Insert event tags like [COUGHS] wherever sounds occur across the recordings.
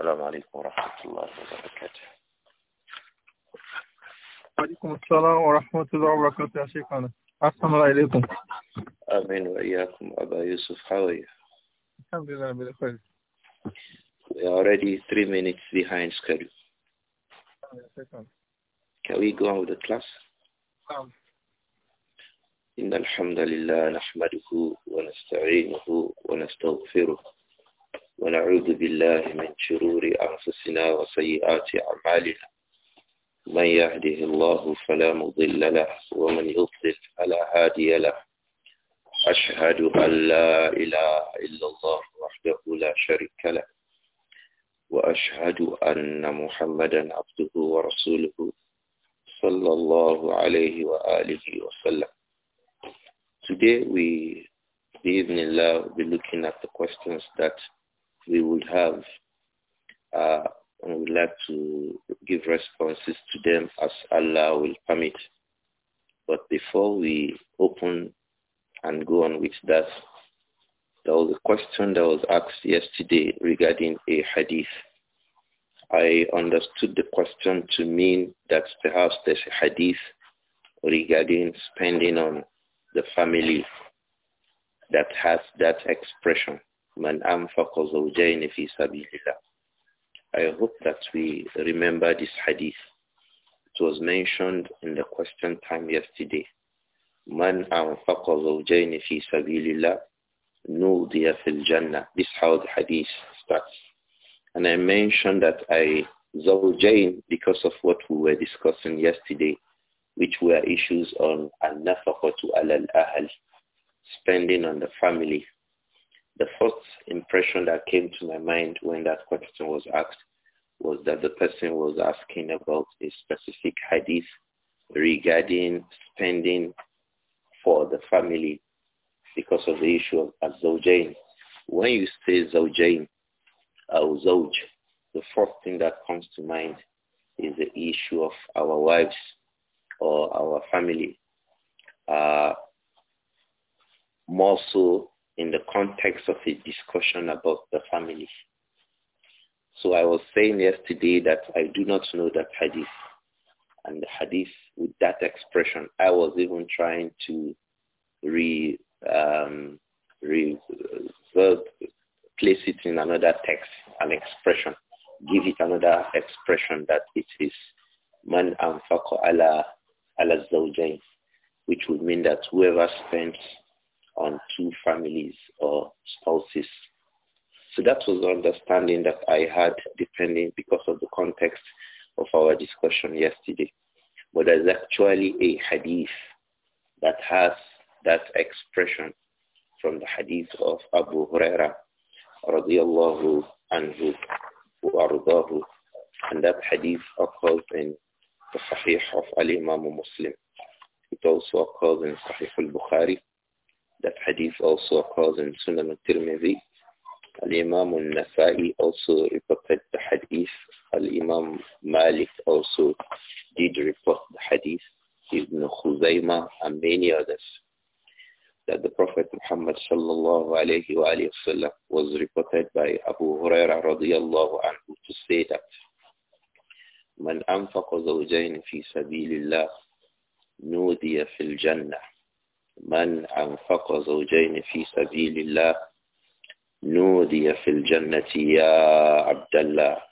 السلام عليكم ورحمة الله وبركاته وعليكم السلام ورحمة الله وبركاته يا شيخنا أحسن الله إليكم آمين وإياكم أبا يوسف How are you? الحمد لله بخير We are already three minutes behind schedule. Can we go on with the class? Um. إن الحمد لله نحمده ونستعينه ونستغفره ونعوذ بالله من شرور أنفسنا وسيئات أعمالنا من يهده الله فلا مضل له ومن يضلل فلا هادي له أشهد أن لا إله إلا الله وحده لا شريك له وأشهد أن محمدا عبده ورسوله صلى الله عليه وآله وسلم Today we, بإذن الله, we'll be looking at the questions that we would have uh, we would like to give responses to them as Allah will permit. But before we open and go on with that, there was a question that was asked yesterday regarding a hadith. I understood the question to mean that perhaps there's a hadith regarding spending on the family that has that expression. Man anfaqa fi sabilillah. I hope that we remember this hadith. It was mentioned in the question time yesterday. Man anfaqa zawjayn fi sabilillah nudiya fil jannah. This is how the hadith starts. And I mentioned that I zawjain because of what we were discussing yesterday, which were issues on al-nafaqatu al-ahl, spending on the family, the first impression that came to my mind when that question was asked was that the person was asking about a specific hadith regarding spending for the family because of the issue of zawjain. When you say zawjain zawj, the first thing that comes to mind is the issue of our wives or our family. Uh, more so in the context of a discussion about the family. So I was saying yesterday that I do not know that hadith. And the hadith with that expression, I was even trying to re, um, re verb, place it in another text, an expression, give it another expression that it is man anfaqa ala, ala which would mean that whoever spends on two families or spouses. So that was the understanding that I had depending because of the context of our discussion yesterday. But there's actually a hadith that has that expression from the hadith of Abu Huraira radiallahu anhu وأرضاه and that hadith occurs in the Sahih of Al-Imam Muslim. It also occurs in Sahih al-Bukhari that hadith also occurs in Sunan al-Tirmidhi. Al-Imam al-Nasai also reported the hadith. Al-Imam Malik also did report the hadith. Ibn Khuzaymah and many others. That the Prophet Muhammad sallallahu alayhi wa sallam was reported by Abu Huraira radiallahu anhu to say that من أنفق زوجين في سبيل الله نودي في الجنة من أنفق زوجين في سبيل الله نودي في الجنة يا عبد الله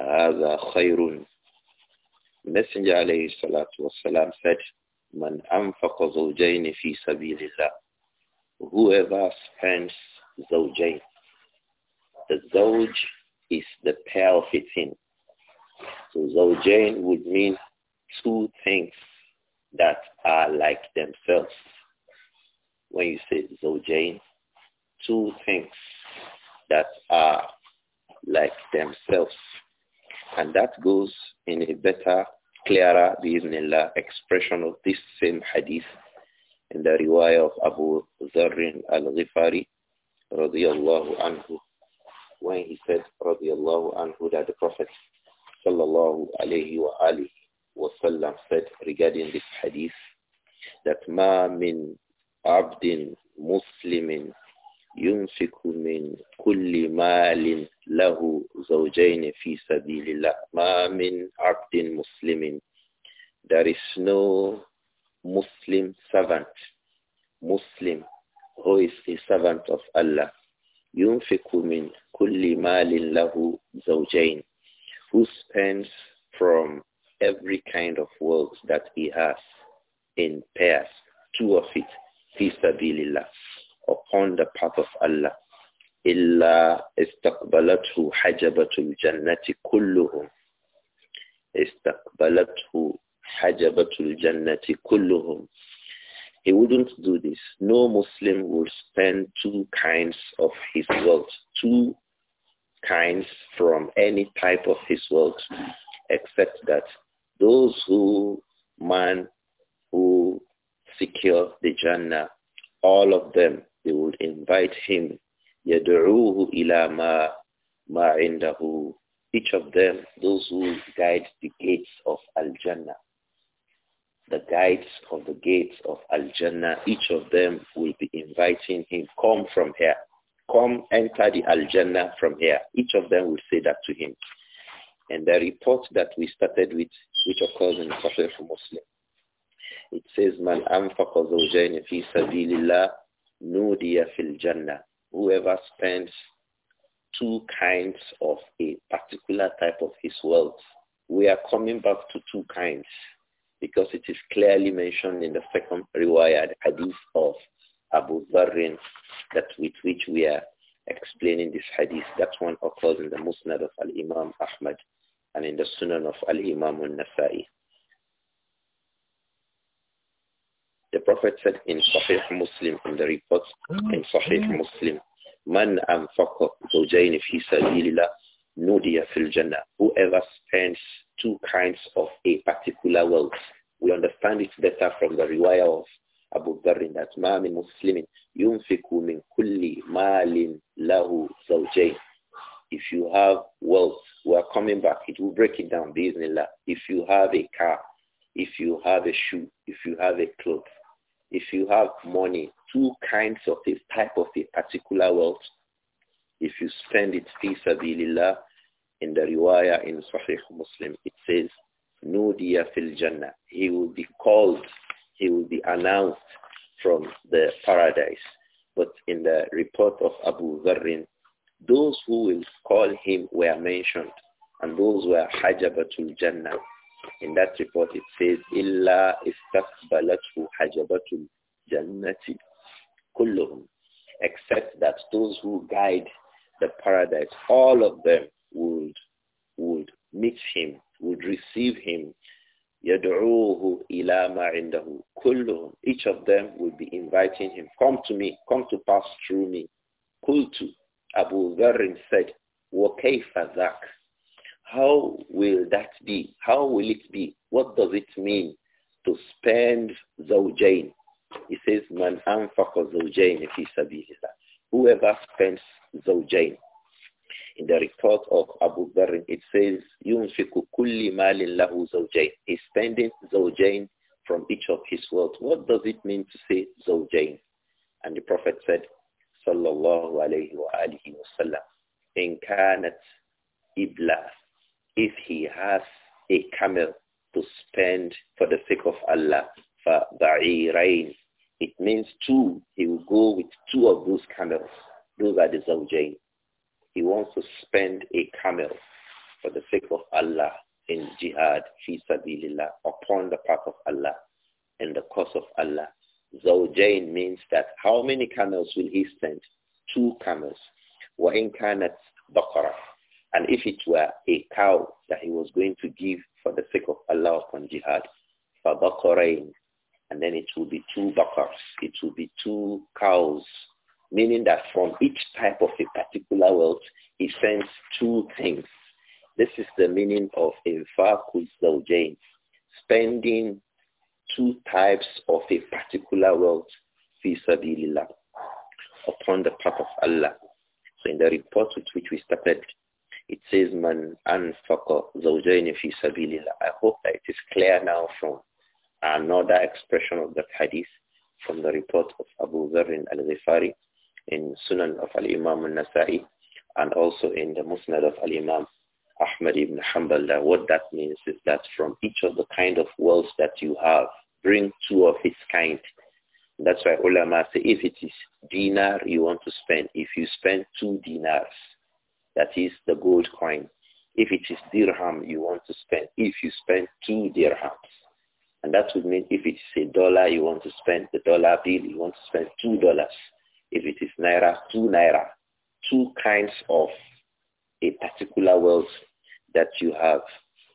هذا خير Messenger عليه الصلاة والسلام said من أنفق زوجين في سبيل الله whoever spends زوجين the زوج is the pair of it in so زوجين would mean two things that are like themselves when you say Zawjain, two things that are like themselves. And that goes in a better, clearer, biiznillah, expression of this same hadith in the riwayah of Abu Zarrin al-Ghifari, radiallahu anhu, when he said, radiallahu anhu, that the Prophet, sallallahu alayhi wa alihi wa sallam, said regarding this hadith, that ma min abdin muslimin yunfiku min kulli malin lahu fi sabilillah ma min abdin muslimin there is no muslim servant muslim who is a servant of Allah yunfiku min kulli malin lahu who spends from every kind of wealth that he has in pairs two of it upon the path of Allah illa istaqbalathu hajabatul jannati kulluhum istaqbalathu hajabatul jannati kulluhum he wouldn't do this no muslim will spend two kinds of his wealth two kinds from any type of his wealth except that those who man who secure the Jannah, all of them, they would invite him. يَدْعُوهُ إِلَى مَا مَا عِنْدَهُ Each of them, those who guide the gates of Al-Jannah. The guides of the gates of Al-Jannah, each of them will be inviting him, come from here. Come enter the Al-Jannah from here. Each of them will say that to him. And the report that we started with, which occurs in the Sahih Muslim, it says, Man anfaqa zawjayn fi sabilillah nudiya fil jannah. Whoever spends two kinds of a particular type of his wealth. We are coming back to two kinds because it is clearly mentioned in the second rewired hadith of Abu Dharrin that with which we are explaining this hadith. That one occurs in the Musnad of Al-Imam Ahmad and in the Sunan of Al-Imam al-Nasai. Prophet said in Sahih Muslim, in the in Sahih Muslim, Man anfaqa fi sabilillah nudiya fil jannah. Whoever spends two kinds of a particular wealth. We understand it better from the riwayah of Abu Dharr that ma min muslimin yunfiku min kulli malin lahu If you have wealth, we are coming back. It will break it down, bismillah. If you have a car, if you have a shoe, if you have a cloth, if you have money, two kinds of a type of a particular wealth, if you spend it fi sabilillah, in the riwayah in Sahih Muslim, it says, Nudiya fil Jannah. He will be called, he will be announced from the paradise. But in the report of Abu Dharrin, those who will call him were mentioned, and those were Hajabatul Jannah, in that report, it says, "Illa إِسْتَقْبَلَتْهُ hajabatul jannati كُلُّهُمْ Except that those who guide the paradise, all of them would, would meet him, would receive him. Yadu'uhu ila ma 'indahu عِنْدَهُ Each of them would be inviting him, come to me, come to pass through me. قُلْتُ Abu Dharr said, "Wa ذَاكَ how will that be? How will it be? What does it mean to spend zawjain? He says, man anfaqa zawjain fi sabilillah. Whoever spends zawjain. In the report of Abu Dharr, it says, yunfiku kulli malin lahu zawjain. He's spending zawjain from each of his wealth. What does it mean to say zawjain? And the Prophet said, sallallahu alayhi wa alihi wa sallam, in kanat iblas if he has a camel to spend for the sake of Allah, فَبَعِيرَيْن It means two. He will go with two of those camels. Those are the zawjain. He wants to spend a camel for the sake of Allah in jihad, fi sabilillah, upon the path of Allah, in the cause of Allah. Zawjain means that how many camels will he send? Two camels. وَإِنْ كَانَتْ بَقَرَةً and if it were a cow that he was going to give for the sake of Allah upon jihad, فَبَقَرَيْنِ And then it will be two bakars, it will be two cows, meaning that from each type of a particular wealth, he sends two things. This is the meaning of infaqul zawjain, spending two types of a particular wealth, fi sabilillah, upon the path of Allah. So in the report with which we started, it says, man anfaqa zawjayn fi sabilillah. I hope that it is clear now from another expression of that hadith from the report of Abu Dharr al-Ghifari in Sunan of Al-Imam al-Nasai and also in the Musnad of Al-Imam Ahmad ibn Hanbal that what that means is that from each of the kind of wealth that you have, bring two of its kind. That's why ulama say if it is dinar you want to spend, if you spend two dinars, that is the gold coin. If it is dirham you want to spend, if you spend two dirhams, and that would mean if it's a dollar you want to spend, the dollar bill you want to spend two dollars. If it is naira, two naira. Two kinds of a particular wealth that you have.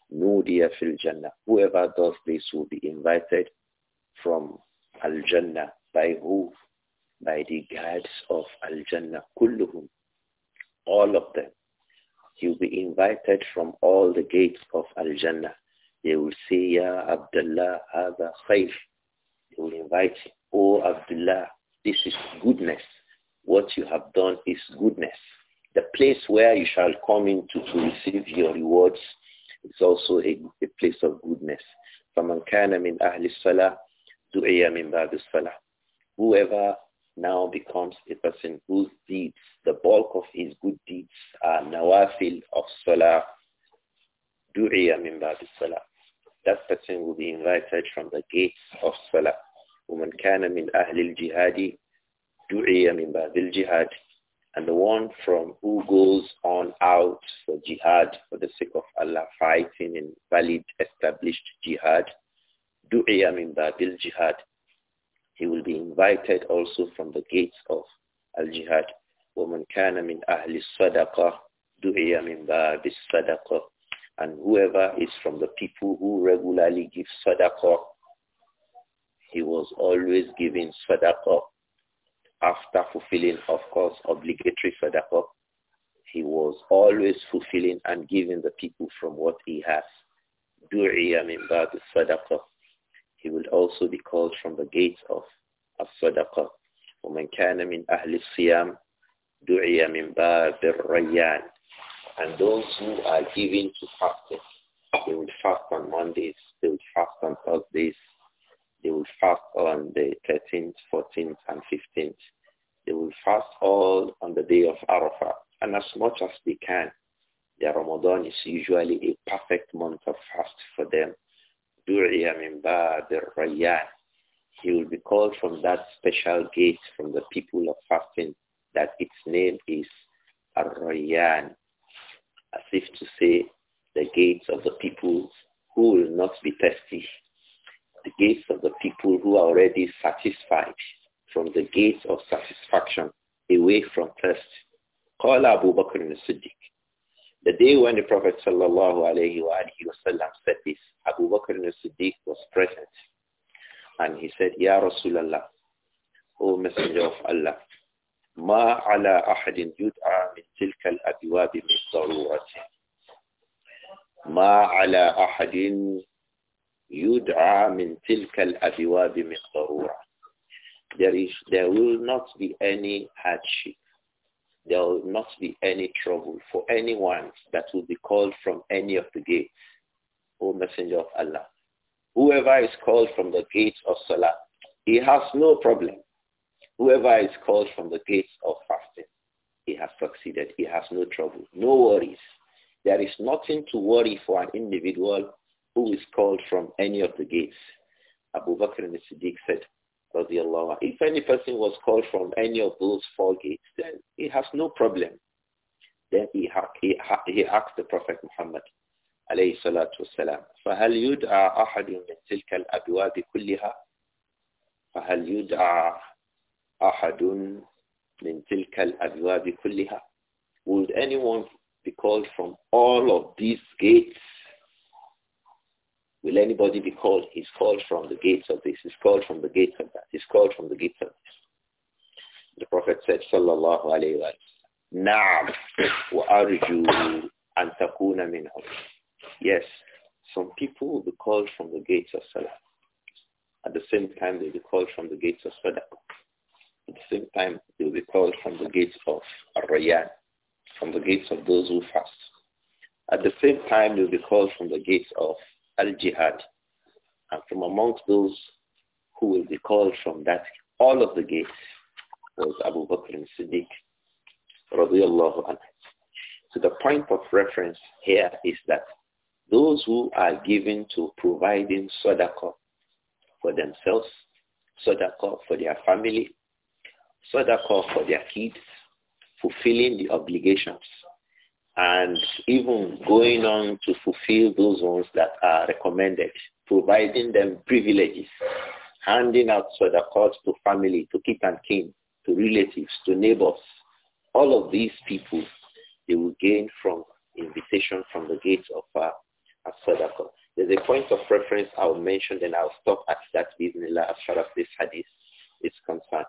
No dear fil Jannah. Whoever does this will be invited from Al Jannah. By who? By the guides of Al Jannah. Kulluhum all of them. You'll be invited from all the gates of Al-Jannah. They will say, Ya Abdullah, Hada Khair. They will invite you, Oh Abdullah, this is goodness. What you have done is goodness. The place where you shall come into to receive your rewards is also a, a place of goodness. فَمَنْ كَانَ مِنْ أَهْلِ الصَّلَاةِ دُعِيَ مِنْ بَعْدِ الصَّلَاةِ Whoever now becomes a person whose deeds, the bulk of his good deeds are nawafil of salah, du'iya min babi salah. That person will be invited from the gates of salah. وَمَنْ كَانَ مِنْ al jihadi, دُعِيَ min بَابِ jihad, And the one from who goes on out for jihad for the sake of Allah, fighting in valid established jihad, دُعِيَ min بَابِ jihad he will be invited also from the gates of al-jihad. وَمَنْ كَانَ مِنْ أَهْلِ الصَّدَقَةِ دُعِيَ مِنْ بَابِ الصَّدَقَةِ And whoever is from the people who regularly give sadaqah, he was always giving sadaqah. After fulfilling, of course, obligatory sadaqah, he was always fulfilling and giving the people from what he has. دُعِيَ مِنْ بَابِ الصَّدَقَةِ he will also be called from the gates of As-Sadaqa. الصدقة ومن كان من أهل الصيام دعي من باب الريان and those who are given to fasting they will fast on Mondays they will fast on Thursdays they will fast on the 13th 14th and 15th they will fast all on the day of Arafah and as much as they can The Ramadan is usually a perfect month of fast for them Du'iya min Rayyan. He will be called from that special gate from the people of fasting that its name is rayyan as if to say the gates of the people who will not be thirsty, the gates of the people who are already satisfied, from the gates of satisfaction, away from thirst. قال Bakr al-Siddiq. The day when the Prophet sallallahu said this, Abu Bakr al-Siddiq was present. And he said, Ya Rasulallah, O Messenger of Allah, ما على أحد يدعى من تلك الأبواب من ضرورة ما على أحد يدعى من تلك الأبواب من ضرورة There is, there will not be any hardship there will not be any trouble for anyone that will be called from any of the gates. O Messenger of Allah, whoever is called from the gates of Salah, he has no problem. Whoever is called from the gates of fasting, he has succeeded. He has no trouble, no worries. There is nothing to worry for an individual who is called from any of the gates. Abu Bakr al-Siddiq said, if any person was called from any of those four gates, then he has no problem. Then he, he, he asked the Prophet Muhammad, alayhi salatu wasalam, فَهَلْ يُدْعَى أَحَدٌ مِنْ تِلْكَ الْأَبْوَابِ كُلِّهَا فَهَلْ يُدْعَى أَحَدٌ مِنْ تِلْكَ الْأَبْوَابِ كُلِّهَا Would anyone be called from all of these gates? Will anybody be called? He's called from the gates of this. He's called from the gates of that. He's called from the gates of this. The Prophet said, Sallallahu alayhi wa Naam [COUGHS] wa arju an takuna minhum. Yes, some people will be called from the gates of Salah. At the same time, they'll be called from the gates of Sadaqah. At the same time, they'll be called from the gates of rayyan from the gates of those who fast. At the same time, they'll be called from the gates of al-jihad. And from amongst those who will be called from that, all of the gates, was Abu Bakr and Siddiq, radiallahu anhu. So the point of reference here is that those who are given to providing sadaqah for themselves, sadaqah for their family, sadaqah for their kids, fulfilling the obligations and even going on to fulfill those ones that are recommended, providing them privileges, handing out sadaqahs to family, to kith and kin, to relatives, to neighbors. All of these people, they will gain from invitation from the gates of uh, sadaqah. There's a point of reference I'll mention and I'll stop at that bismillah as far as this hadith is concerned.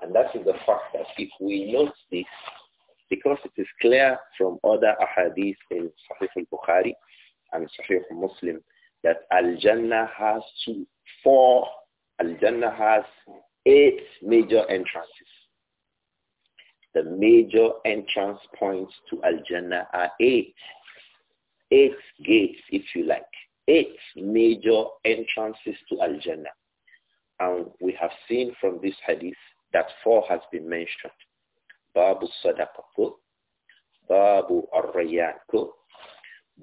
And that is the fact that if we note this, because it is clear from other ahadith in Sahih al-Bukhari and Sahih Muslim that Al-Jannah has two, four, Al-Jannah has eight major entrances. The major entrance points to Al-Jannah are eight. Eight gates, if you like. Eight major entrances to Al-Jannah. And we have seen from this hadith that four has been mentioned. Babu Sadaqah Babu ar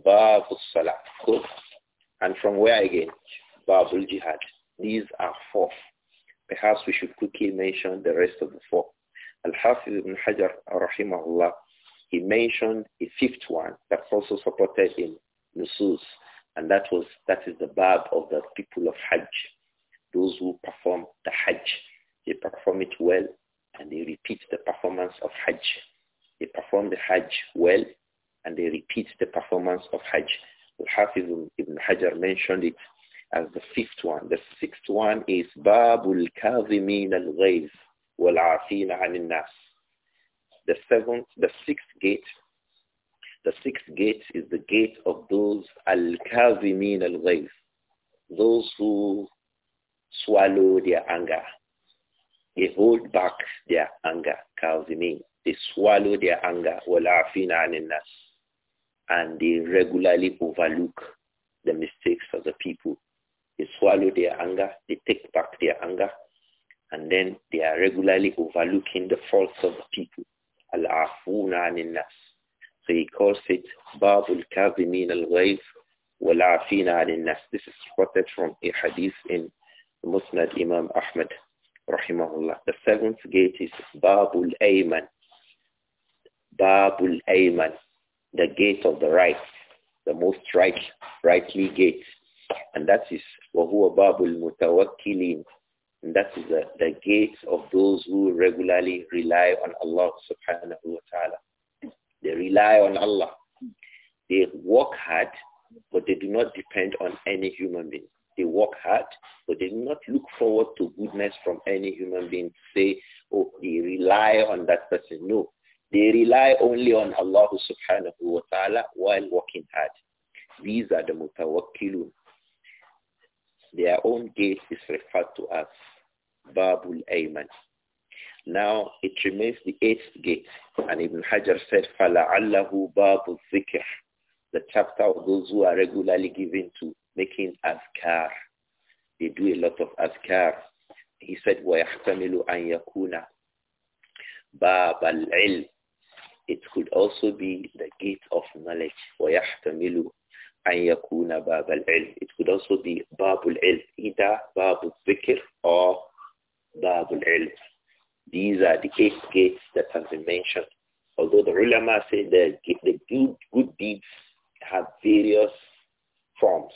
Babu Salah And from where again? Babu Jihad. These are four. Perhaps we should quickly mention the rest of the four. Al-Hafiz ibn Hajar, rahimahullah, he mentioned a fifth one that's also supported in Nusus, and that was that is the bab of the people of Hajj, those who perform the Hajj. They perform it well, and they repeat the performance of Hajj. They perform the Hajj well and they repeat the performance of Hajj. Al-Hafiz ibn Hajar mentioned it as the fifth one. The sixth one is Babul Kazimin al-Ghayz wal-Afina al-Nas. The seventh, the sixth gate. The sixth gate is the gate of those al-Kazimin al-Ghayz, those who swallow their anger they hold back their anger. Kalvimi. They swallow their anger. Walafina aninas. And they regularly overlook the mistakes of the people. They swallow their anger. They take back their anger. And then they are regularly overlooking the faults of the people. Al-afuna aninas. So he calls it Babul Kazimin al-Ghayf والعافين عن الناس. This is quoted from a hadith in Musnad Imam Ahmad rahimahullah. The seventh gate is Babul Ayman. Babul Ayman, the gate of the right, the most right, rightly gate. And that is Wahua Babul Mutawakkilin. And that is the, the gate of those who regularly rely on Allah subhanahu wa ta'ala. They rely on Allah. They work hard, but they do not depend on any human being. They work hard, but they do not look forward to goodness from any human being say, oh, they rely on that person. No. They rely only on Allah subhanahu wa ta'ala while working hard. These are the mutawakkilun. Their own gate is referred to as Babul Ayman. Now it remains the eighth gate. And Ibn Hajar said, فَلَعَلَّهُ بَابُ الذِّكْرِ The chapter of those who are regularly given to making askar. They do a lot of askar. He said, وَيَحْتَمِلُ أَنْ يَكُونَ بَابَ الْعِلْمِ It could also be the gate of knowledge. وَيَحْتَمِلُ أَنْ يَكُونَ بَابَ الْعِلْمِ It could also be بَابُ الْعِلْمِ Either بَابُ الذِّكْر or بَابُ الْعِلْمِ These are the eight gates that have been mentioned. Although the ulama say the, the good, good deeds have various forms.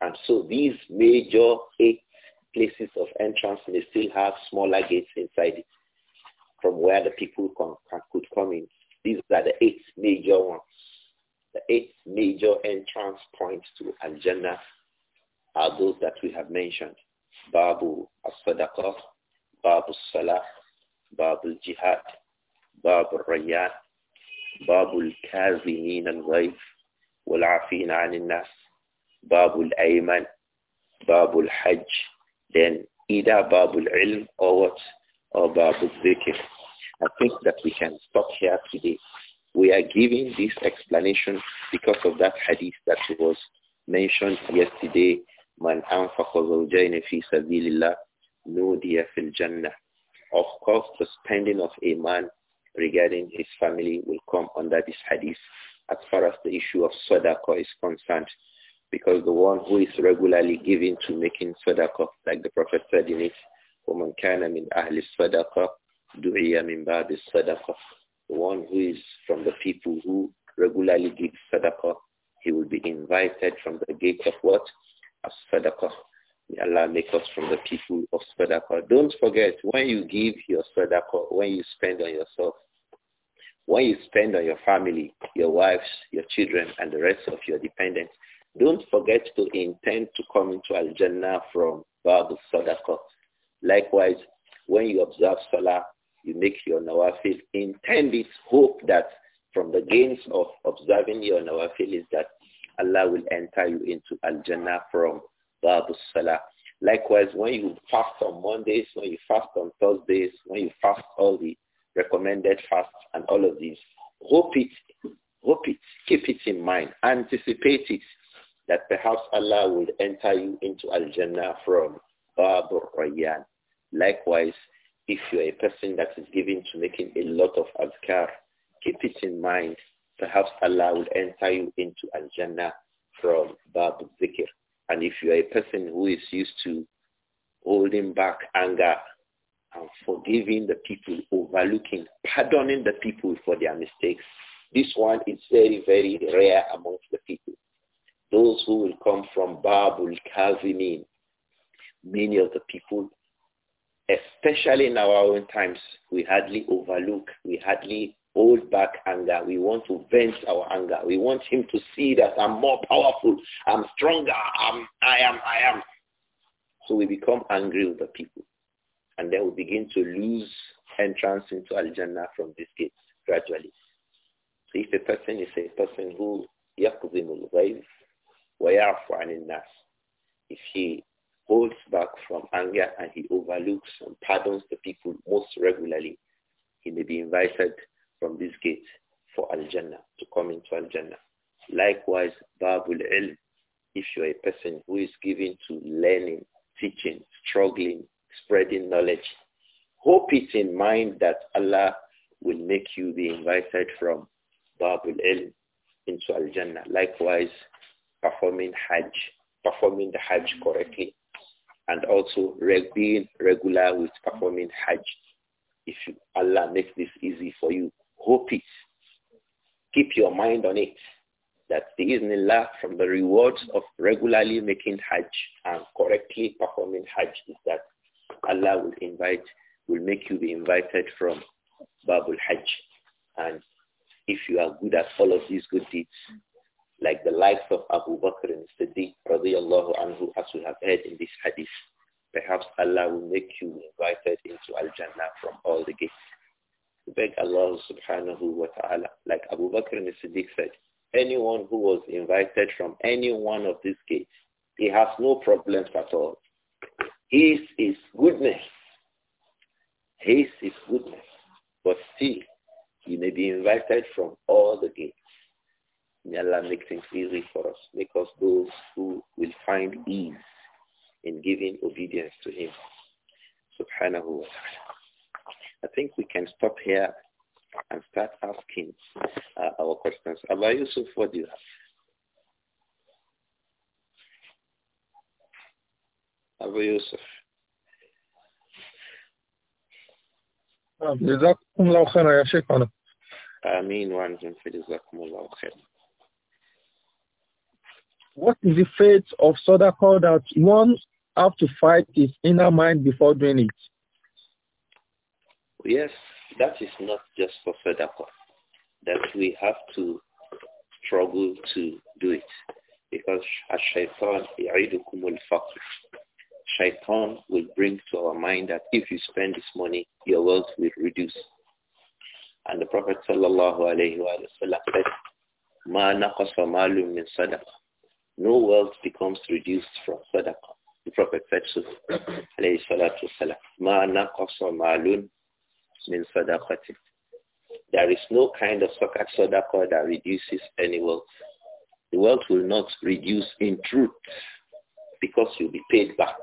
And so these major eight places of entrance may still have smaller gates inside it from where the people can, could come in. These are the eight major ones. The eight major entrance points to Al-Jannah are those that we have mentioned. Babu al-Sadaqah, Babu al-Salah, Babu al-Jihad, Babu al-Rayyan, Babu al-Kazimin al-Ghayf, wal-Afin al nas Babul Ayman, Babul Hajj, then either Babul Ilm or what? Or Babul Zikr. I think that we can stop here today. We are giving this explanation because of that hadith that was mentioned yesterday. Man anfaqa zawjayn fi jannah. Of course, the spending of a man regarding his family will come under this hadith as far as the issue of sadaqah is concerned. Because the one who is regularly giving to making sadaqah, like the Prophet said in it, وَمَنْ كَانَ مِنْ أَهْلِ الصَّدَقَةِ دُعِيَ مِنْ بَعْدِ الصَّدَقَةِ The one who is from the people who regularly gives sadaqah, he will be invited from the gate of what? As-sadaqah. May Allah make us from the people of sadaqah. Don't forget, when you give your sadaqah, when you spend on yourself, when you spend on your family, your wives, your children, and the rest of your dependents, don't forget to intend to come into Al-Jannah from Babu Sadaqah. Likewise, when you observe Salah, you make your nawafil. Intend it, hope that from the gains of observing your nawafil is that Allah will enter you into Al-Jannah from Babu Salah. Likewise, when you fast on Mondays, when you fast on Thursdays, when you fast all the recommended fasts and all of these, hope it, hope it, keep it in mind, anticipate it that perhaps Allah will enter you into Al-Jannah from Bab Rayyan. Likewise, if you're a person that is given to making a lot of adhkar, keep it in mind. Perhaps Allah will enter you into Al-Jannah from Bab Zikr. And if you're a person who is used to holding back anger and forgiving the people, overlooking, pardoning the people for their mistakes, this one is very, very rare amongst the people. Those who will come from Babul Kazimin, many of the people, especially in our own times, we hardly overlook, we hardly hold back anger. We want to vent our anger. We want him to see that I'm more powerful, I'm stronger, I'm, I am, I am. So we become angry with the people. And then we begin to lose entrance into Al-Jannah from these gates gradually. So if a person is a person who will الغيظ وَيَعْفُ عَنِ النَّاسِ If he holds back from anger and he overlooks and pardons the people most regularly, he may be invited from this gate for Al-Jannah, to come into Al-Jannah. Likewise, Babul Ilm, if you are a person who is given to learning, teaching, struggling, spreading knowledge, hope it in mind that Allah will make you be invited from Babul Ilm into Al-Jannah. Likewise, performing Hajj, performing the Hajj correctly, and also being regular with performing Hajj. If you, Allah makes this easy for you, hope it. Keep your mind on it. That the Allah from the rewards of regularly making Hajj and correctly performing Hajj is that Allah will invite, will make you be invited from Babul Hajj. And if you are good at all of these good deeds, like the likes of Abu Bakr and Siddiq anhu as we have heard in this hadith. Perhaps Allah will make you invited into Al-Jannah from all the gates. We beg Allah subhanahu wa ta'ala, like Abu Bakr and Siddiq said, anyone who was invited from any one of these gates, he has no problems at all. His is goodness. His is goodness. But still, he may be invited from all the gates. May Allah make things easy for us. Make us those who will find ease in giving obedience to him. Subhanahu wa ta'ala. I think we can stop here and start asking uh, our questions. Abba Yusuf, what do you have? Abu Yusuf. جزاكم الله خيرا يا شيخنا. آمين وأنتم في جزاكم الله خيرا. What is the fate of Sadaqah that one have to fight his inner mind before doing it? Yes, that is not just for Sadaqah, that we have to struggle to do it. Because Shaitan, Shaitan will bring to our mind that if you spend this money, your wealth will reduce. And the Prophet sallallahu alaihi wasallam said, "Ma نَقَصَ مَالٌ no wealth becomes reduced from sadaqah. The Prophet said so, alayhi salatu wasalam, ma naqasa ma'lun min sadaqatin. There is no kind of sadaqah that reduces any wealth. The wealth will not reduce in truth because you'll be paid back.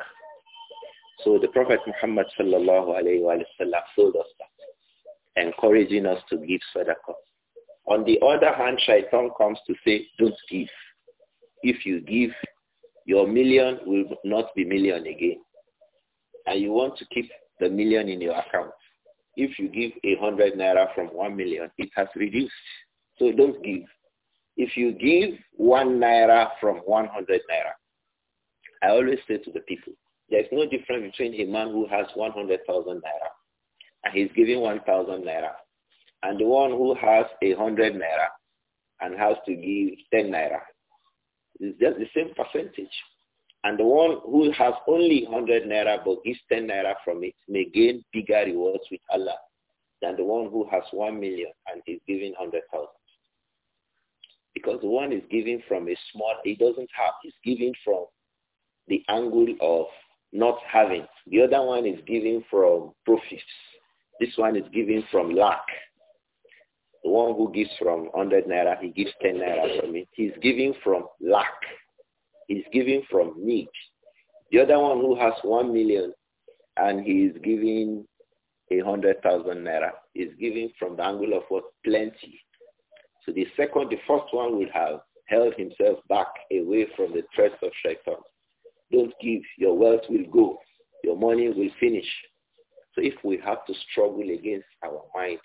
So the Prophet Muhammad sallallahu alayhi wa sallam told us that, encouraging us to give sadaqah. On the other hand, shaitan comes to say, don't give if you give, your million will not be million again. And you want to keep the million in your account. If you give a hundred naira from one million, it has reduced. So don't give. If you give one naira from 100 naira, I always say to the people, there's no difference between a man who has 100,000 naira and he's giving 1,000 naira and the one who has a 100 naira and has to give 10 naira. It's just the same percentage. And the one who has only 100 naira but gives 10 naira from it may gain bigger rewards with Allah than the one who has 1 million and is giving 100,000. Because the one is giving from a small, he doesn't have, he's giving from the angle of not having. The other one is giving from profits. This one is giving from lack. The one who gives from 100 naira, he gives 10 naira from it. He's giving from lack. He's giving from need. The other one who has 1 million and he is giving a 100,000 naira is giving from the angle of what? Plenty. So the second, the first one would have held himself back away from the threats of shaitan. Don't give, your wealth will go, your money will finish. So if we have to struggle against our mind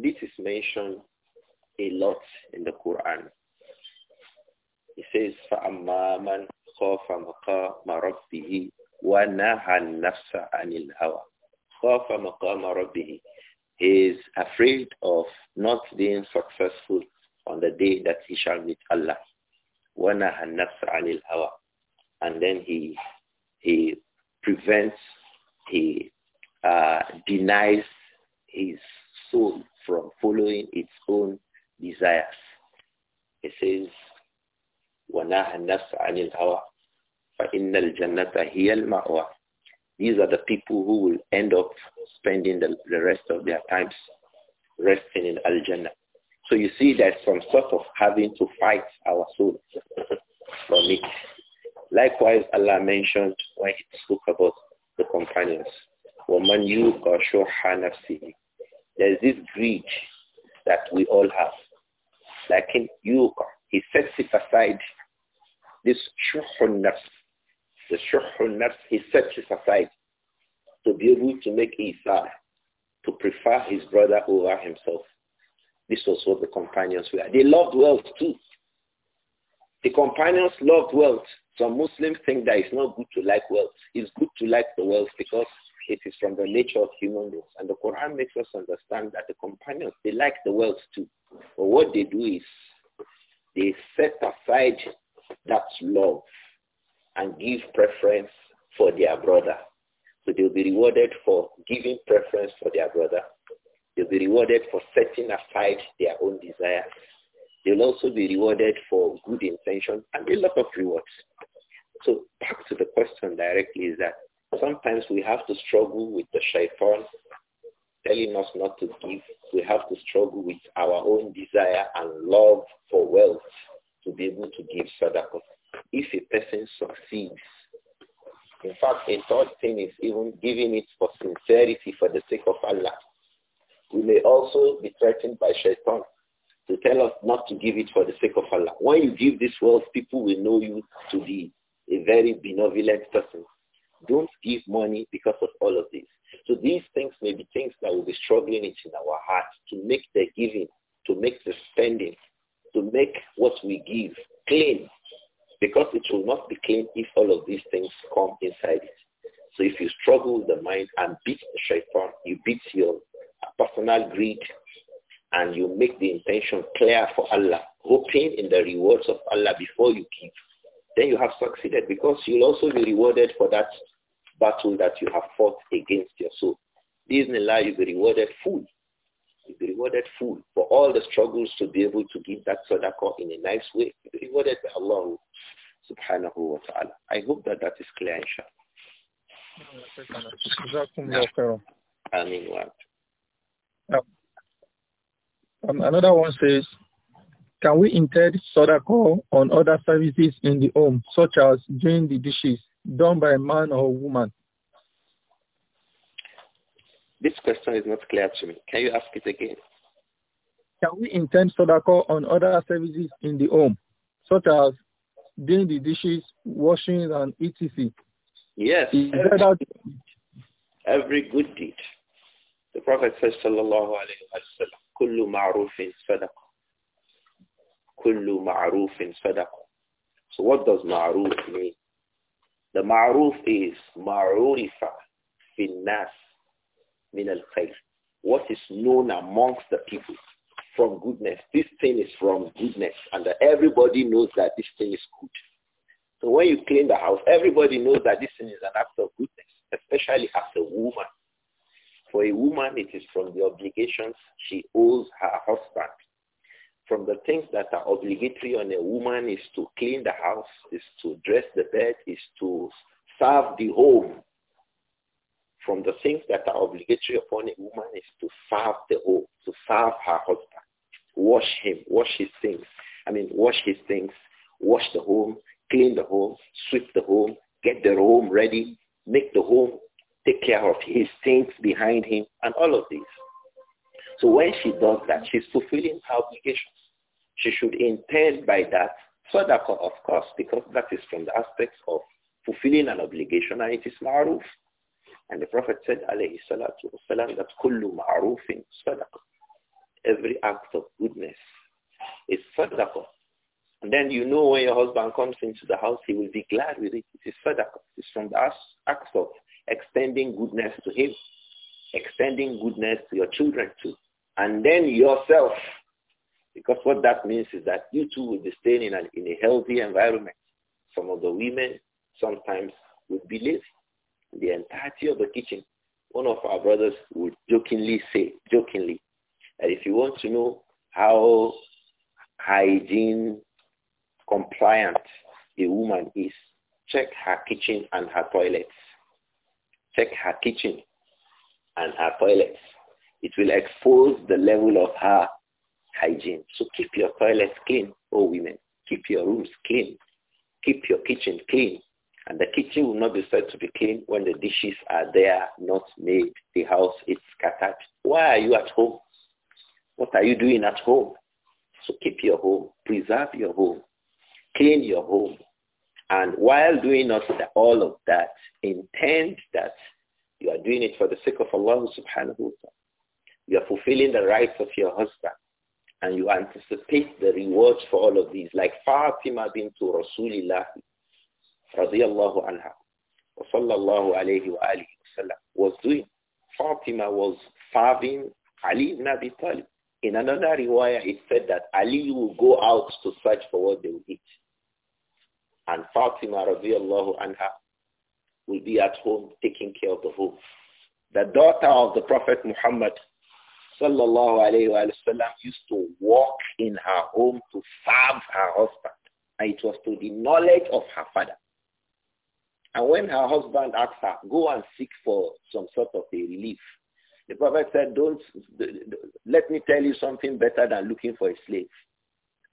this is mentioned a lot in the Quran. It says, فَأَمَّا مَنْ خَافَ مَقَامَ رَبِّهِ وَنَهَى النَّفْسَ عَنِ الْهَوَى خَافَ مَقَامَ رَبِّهِ He is afraid of not being successful on the day that he shall meet Allah. Wa وَنَهَى النَّفْسَ عَنِ الْهَوَى And then he, he prevents, he uh, denies his soul from following its own desires. It says, وَنَهَى النَّفْسَ عَنِ الْهَوَى فَإِنَّ الْجَنَّةَ هِيَ الْمَأْوَى These are the people who will end up spending the, the rest of their times resting in Al-Jannah. So you see there's some sort of having to fight our soul [LAUGHS] from it. Likewise, Allah mentioned when he spoke about the companions, وَمَنْ يُوقَ شُحَّ نَفْسِهِ there is this greed that we all have. Like in Yuka, he sets it aside. This shuhun nafs, the shuhun nafs, he sets it aside to be able to make Isa, to prefer his brother over himself. This was what the companions were. They loved wealth too. The companions loved wealth. Some Muslims think that it's not good to like wealth. It's good to like the wealth because it is from the nature of human beings. And the Quran makes us understand that the companions, they like the wealth too. But what they do is they set aside that love and give preference for their brother. So they'll be rewarded for giving preference for their brother. They'll be rewarded for setting aside their own desires. They'll also be rewarded for good intention and a lot of rewards. So back to the question directly is that Sometimes we have to struggle with the shaitan telling us not to give. We have to struggle with our own desire and love for wealth to be able to give sadaqah. If a person succeeds, in fact, a third thing is even giving it for sincerity for the sake of Allah. We may also be threatened by shaitan to tell us not to give it for the sake of Allah. When you give this wealth, people will know you to be a very benevolent person. Don't give money because of all of this. So these things may be things that will be struggling it in our hearts to make the giving, to make the spending, to make what we give clean. Because it will not be clean if all of these things come inside it. So if you struggle with the mind and beat the shaitan, you beat your personal greed and you make the intention clear for Allah, hoping in the rewards of Allah before you give, then you have succeeded because you'll also be rewarded for that battle that you have fought against your soul. Bismillah, you'll be rewarded full. You'll be rewarded full for all the struggles to be able to give that sadaqah in a nice way. You'll be rewarded by Allah subhanahu wa ta'ala. I hope that that is clear, inshallah. Um, another one says, can we intend sadaqah on other services in the home, such as doing the dishes done by a man or a woman? This question is not clear to me. Can you ask it again? Can we intend sodako on other services in the home, such as doing the dishes, washing, and etc.? Yes. Every, every good deed. The Prophet says, sallallahu alaihi wasallam, sallam, kullu ma'rufin sadaqa. Kullu ma'rufin sadaqa. So what does ma'ruf mean? The ma'ruf is ma'rurifa finnas min al -khayr. What is known amongst the people from goodness. This thing is from goodness and everybody knows that this thing is good. So when you clean the house, everybody knows that this thing is an act of goodness, especially as a woman. For a woman, it is from the obligations she owes her husband from the things that are obligatory on a woman is to clean the house, is to dress the bed, is to serve the home. From the things that are obligatory upon a woman is to serve the home, to serve her husband, wash him, wash his things. I mean, wash his things, wash the home, clean the home, sweep the home, get the home ready, make the home take care of his things behind him, and all of this does that, she's fulfilling her obligations. She should intend by that sadaqah, of course, because that is from the aspects of fulfilling an obligation, and it is ma'ruf. And the Prophet said, alayhi salatu wasalam, that kullu ma'rufin sadaqah. Every act of goodness is sadaqah. And then you know when your husband comes into the house, he will be glad with it. It is sadaqah. It's from the acts of extending goodness to him, extending goodness to your children too and then yourself. Because what that means is that you too will be staying in, in a healthy environment. Some of the women sometimes would be lazy. The entirety of the kitchen, one of our brothers would jokingly say, jokingly, that if you want to know how hygiene compliant a woman is, check her kitchen and her toilets. Check her kitchen and her toilets it will expose the level of her hygiene. So keep your toilets clean, oh women. Keep your rooms clean. Keep your kitchen clean. And the kitchen will not be said to be clean when the dishes are there, not made. The house is scattered. Why are you at home? What are you doing at home? So keep your home. Preserve your home. Clean your home. And while doing all of that, intend that you are doing it for the sake of Allah subhanahu wa ta'ala. You are fulfilling the rights of your husband. And you anticipate the rewards for all of these. Like Fatima bint Rasulillah, radiallahu anha wa sallallahu alayhi wa alihi wasallam was doing. Fatima was serving Ali ibn Abi Talib. In another riwayah, it said that Ali will go out to search for what they will eat. And Fatima radiallahu anha will be at home taking care of the home. The daughter of the Prophet Muhammad sallallahu alayhi wa sallam used to walk in her home to serve her husband. And it was to the knowledge of her father. And when her husband asked her, go and seek for some sort of a relief, the prophet said, don't, let me tell you something better than looking for a slave.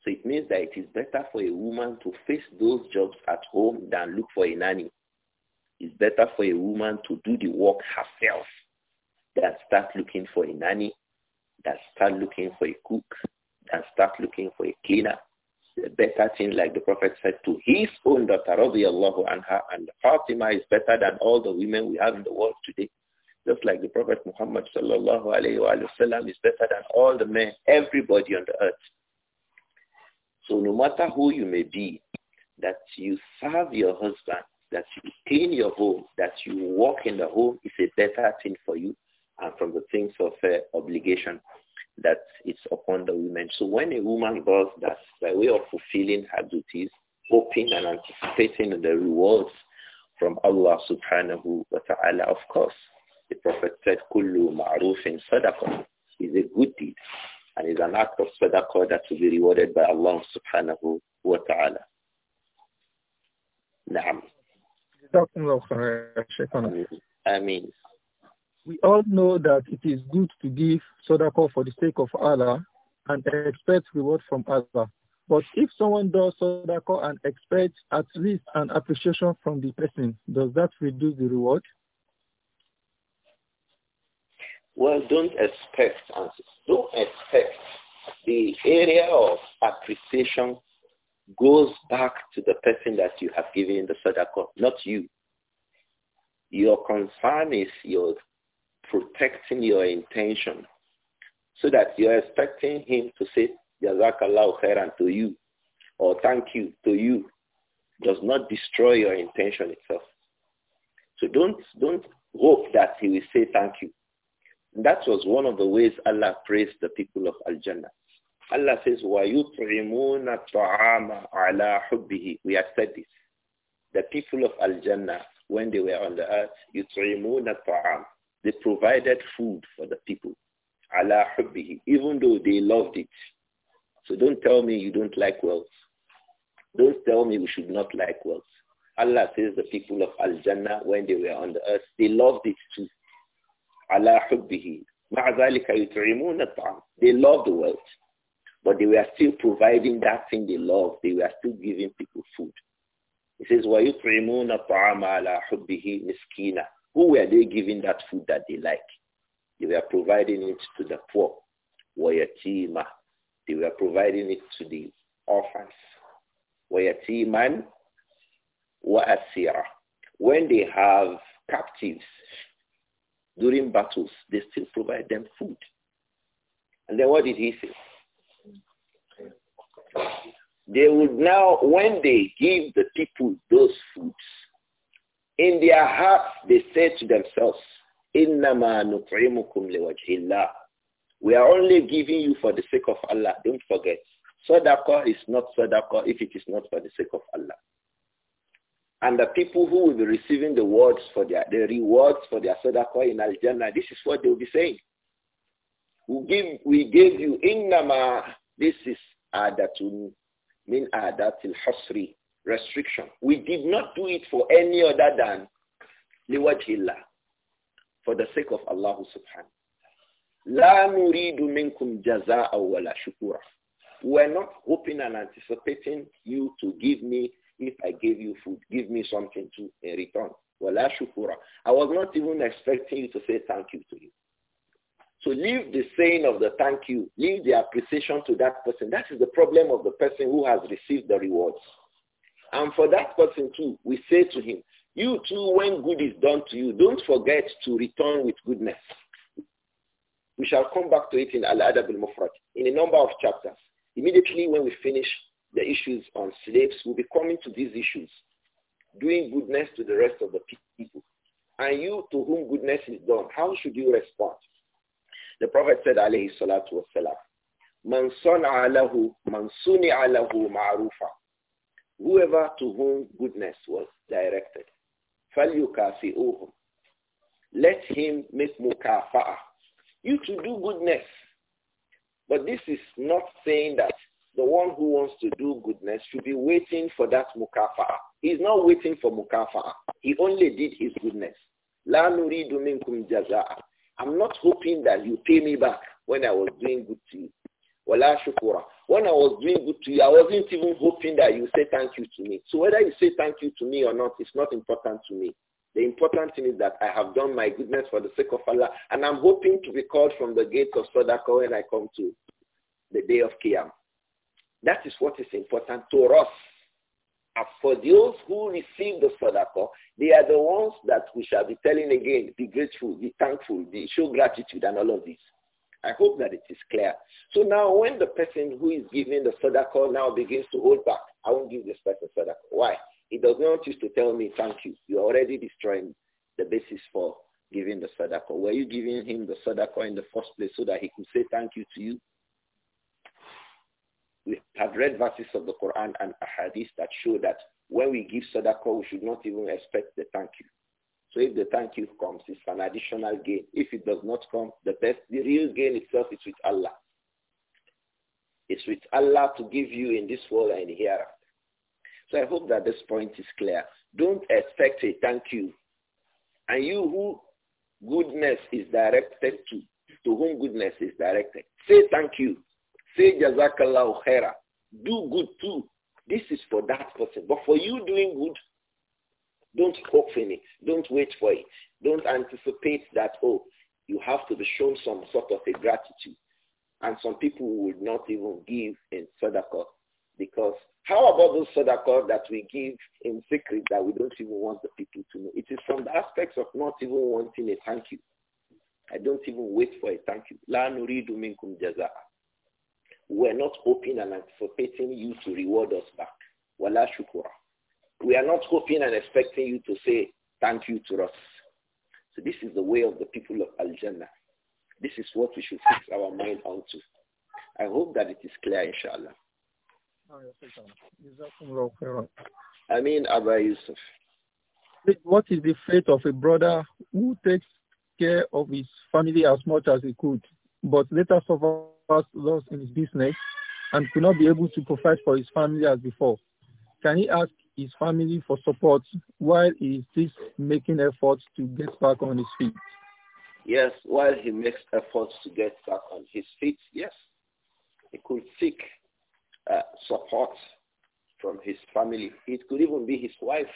So it means that it is better for a woman to face those jobs at home than look for a nanny. It's better for a woman to do the work herself than start looking for a nanny that start looking for a cook, that start looking for a cleaner, a better thing like the Prophet said to his own daughter, radiallahu anha, and Fatima is better than all the women we have in the world today. Just like the Prophet Muhammad sallallahu alayhi wa sallam is better than all the men, everybody on the earth. So no matter who you may be, that you serve your husband, that you clean your home, that you walk in the home is a better thing for you and uh, from the things of uh, obligation that is upon the women. So when a woman does that, by way of fulfilling her duties, hoping and anticipating the rewards from Allah subhanahu wa ta'ala, of course, the Prophet said, Kullu ma'rufin sadaqah is a good deed and is an act of sadaqah that will be rewarded by Allah subhanahu wa ta'ala. Naam. I mean, we all know that it is good to give sadaqah for the sake of Allah and expect reward from Allah. But if someone does sadaqah and expects at least an appreciation from the person, does that reduce the reward? Well, don't expect answers. Don't expect. The area of appreciation goes back to the person that you have given the sadaqah, not you. Your concern is your protecting your intention so that you're expecting him to say Jazakallah khairan to you or thank you to you does not destroy your intention itself. So don't don't hope that he will say thank you. And that was one of the ways Allah praised the people of Al-Jannah. Allah says, وَيُطْعِمُونَ الطَّعَامَ عَلَىٰ حُبِّهِ We have said this. The people of Al-Jannah, when they were on the earth, يُطْعِمُونَ الطَّعَامَ they provided food for the people. Allah hubbihi, even though they loved it. So don't tell me you don't like wealth. Don't tell me we should not like wealth. Allah says the people of Al-Jannah, when they were on the earth, they loved it too. Allah hubbihi. They loved the wealth, but they were still providing that thing they loved. They were still giving people food. He says, who were they giving that food that they like? They were providing it to the poor. Wayatima. They were providing it to the orphans. Wayatiman wa When they have captives during battles, they still provide them food. And then what did he say? They would now, when they give the people those foods, in their hearts, they say to themselves, إِنَّمَا نُطْعِمُكُمْ لِوَجْهِ We are only giving you for the sake of Allah. Don't forget. Sadaqah is not sadaqah if it is not for the sake of Allah. And the people who will be receiving the rewards for their, the rewards for their sadaqah in Al-Jannah, this is what they will be saying. We give, we gave you innama, this is adatun min adatil hasri restriction. We did not do it for any other than liwajhillah, for the sake of Allah subhanahu. La nuridu wala shukura. We're not hoping and anticipating you to give me, if I gave you food, give me something to in return. Wala shukura. I was not even expecting you to say thank you to you. So leave the saying of the thank you. Leave the appreciation to that person. That is the problem of the person who has received the rewards. And for that person too, we say to him, you too, when good is done to you, don't forget to return with goodness. We shall come back to it in Al-Adab al-Mufrad in a number of chapters. Immediately when we finish the issues on slaves, we'll be coming to these issues, doing goodness to the rest of the people. And you to whom goodness is done, how should you respond? The Prophet said, alayhi salatu wasalam, man sun'a lahu, man sun'a lahu ma'rufa whoever to whom goodness was directed. Let him make mukafa'a. You to do goodness. But this is not saying that the one who wants to do goodness should be waiting for that mukafa'a. He's not waiting for mukafa'a. He only did his goodness. La nuridu minkum jaza'a. I'm not hoping that you pay me back when I was doing good to you. Wala shukura. When I was doing good to you, I wasn't even hoping that you say thank you to me. So whether you say thank you to me or not, it's not important to me. The important thing is that I have done my goodness for the sake of Allah, and I'm hoping to be called from the gates of Sadaqah when I come to the day of Qiyam. That is what is important to us. As for those who receive the Sadaqah, they are the ones that we shall be telling again, be grateful, be thankful, be, show gratitude and all of this. I hope that it is clear. So now when the person who is giving the sadaqah now begins to hold back, I won't give this person sadaqah. Why? He does not choose to tell me thank you. You're already destroying the basis for giving the sadaqah. Were you giving him the sadaqah in the first place so that he could say thank you to you? We have read verses of the Quran and ahadith that show that when we give sadaqah, we should not even expect the thank you. So if the thank you comes, it's an additional gain. If it does not come, the best, the real gain itself is with Allah. It's with Allah to give you in this world and hereafter. So I hope that this point is clear. Don't expect a thank you. And you who goodness is directed to, to whom goodness is directed, say thank you. Say jazakallah khaira. Do good too. This is for that person. But for you doing good, don't hope for it. Don't wait for it. Don't anticipate that, oh, you have to be shown some sort of a gratitude. And some people would not even give in sadaqah. Because how about those sadaqah that we give in secret that we don't even want the people to know? It is from the aspects of not even wanting a thank you. I don't even wait for a thank you. La nuridu minkum jaza'a. We're not hoping and anticipating you to reward us back. Wala shukura. We are not hoping and expecting you to say thank you to us. So this is the way of the people of al This is what we should fix our mind onto. I hope that it is clear, inshallah. I mean, Abba Yusuf. What is the fate of a brother who takes care of his family as much as he could, but later suffers loss in his business and could not be able to provide for his family as before? Can he ask his family for support while he is making efforts to get back on his feet? Yes, while he makes efforts to get back on his feet, yes. He could seek uh, support from his family. It could even be his wife.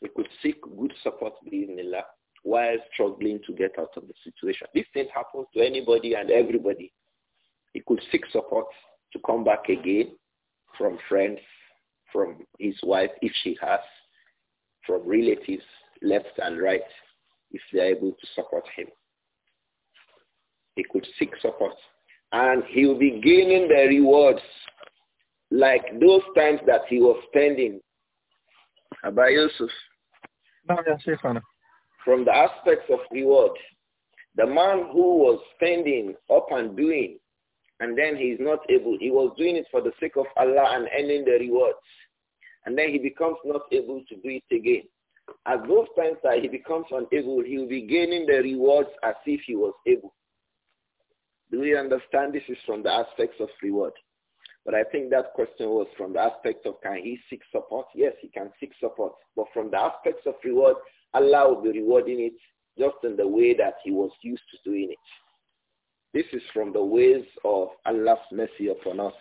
He could seek good support in Allah while struggling to get out of the situation. This thing happens to anybody and everybody. He could seek support to come back again from friends, from his wife, if she has, from relatives left and right, if they are able to support him. He could seek support. And he will be gaining the rewards like those times that he was spending. Abba Yusuf. From the aspects of reward, the man who was spending up and doing, and then he's not able, he was doing it for the sake of Allah and earning the rewards and then he becomes not able to do it again. At those times that he becomes unable, he will be gaining the rewards as if he was able. Do we understand this is from the aspects of reward? But I think that question was from the aspect of can he seek support? Yes, he can seek support. But from the aspects of reward, Allah will be rewarding it just in the way that he was used to doing it. This is from the ways of Allah's mercy upon us.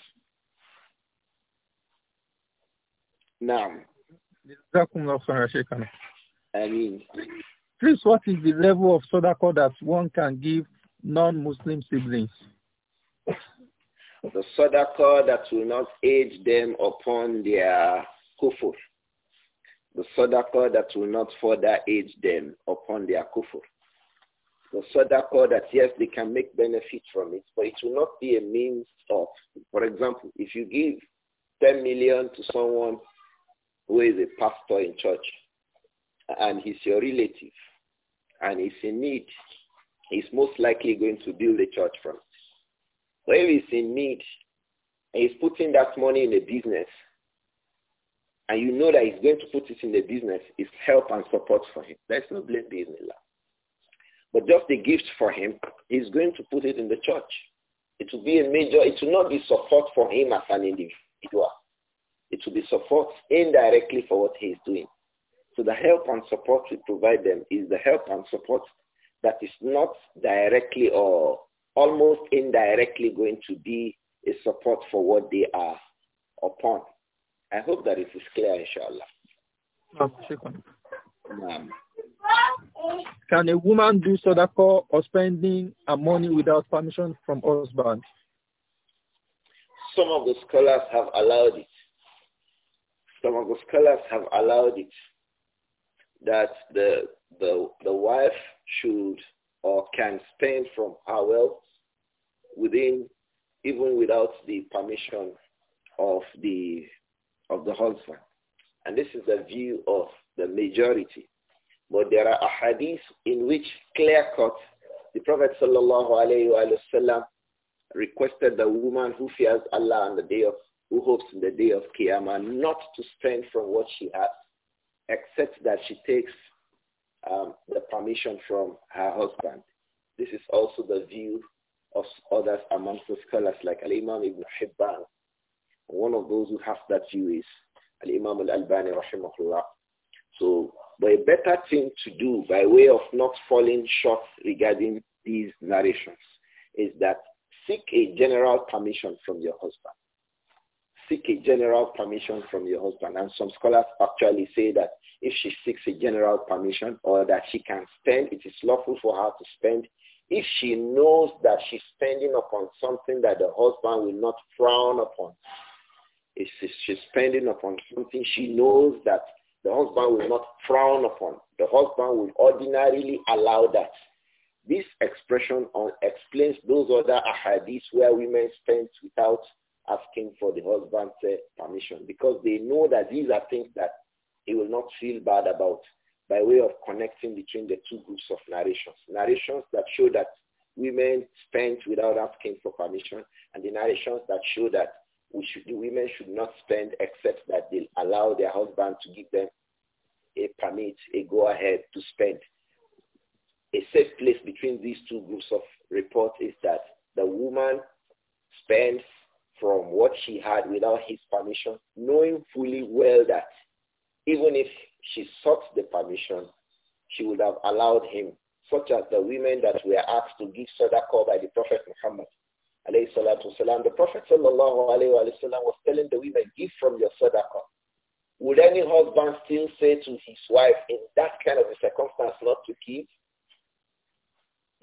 Now. I mean. Please, what is the level of sadaqah that one can give non-Muslim siblings? the sadaqah that will not age them upon their kufur. The sadaqah that will not further age them upon their kufur. The sadaqah that, yes, they can make benefit from it, but it will not be a means of, for example, if you give 10 million to someone who is a pastor in church and he's your relative and he's in need, he's most likely going to build a church from. But if he's in need and he's putting that money in a business and you know that he's going to put it in the business, it's help and support for him. There's no blame business. But just a gift for him, he's going to put it in the church. It will be a major, it will not be support for him as an individual it will be support indirectly for what he is doing. So the help and support we provide them is the help and support that is not directly or almost indirectly going to be a support for what they are upon. I hope that it is clear, inshallah. Can a woman do sadaqah or spending her money without permission from husband? Some of the scholars have allowed it. Some of the scholars have allowed it that the, the, the wife should or can spend from her wealth within, even without the permission of the, of the husband. And this is the view of the majority. But there are hadiths in which clear-cut, the Prophet sallallahu alayhi wasallam requested the woman who fears Allah on the day of who hopes in the day of Qiyamah not to spend from what she has, except that she takes um, the permission from her husband. This is also the view of others amongst the scholars like Al-Imam Ibn Hibban. One of those who have that view is Al-Imam Al-Albani rahimahullah. So, but a better thing to do by way of not falling short regarding these narrations is that seek a general permission from your husband seek a general permission from your husband. And some scholars actually say that if she seeks a general permission or that she can spend, it is lawful for her to spend. If she knows that she's spending upon something that the husband will not frown upon, if she's spending upon something she knows that the husband will not frown upon, the husband will ordinarily allow that. This expression explains those other ahadiths where women spend without asking for the husband's permission because they know that these are things that he will not feel bad about by way of connecting between the two groups of narrations. Narrations that show that women spent without asking for permission and the narrations that show that we should, the women should not spend except that they allow their husband to give them a permit, a go-ahead to spend. A safe place between these two groups of reports is that the woman spends from what she had without his permission, knowing fully well that even if she sought the permission, she would have allowed him, such as the women that were asked to give sadaqah by the Prophet Muhammad. والسلام, the Prophet sallallahu alayhi wa was telling the women, give from your sadaqah. Would any husband still say to his wife in that kind of a circumstance not to give?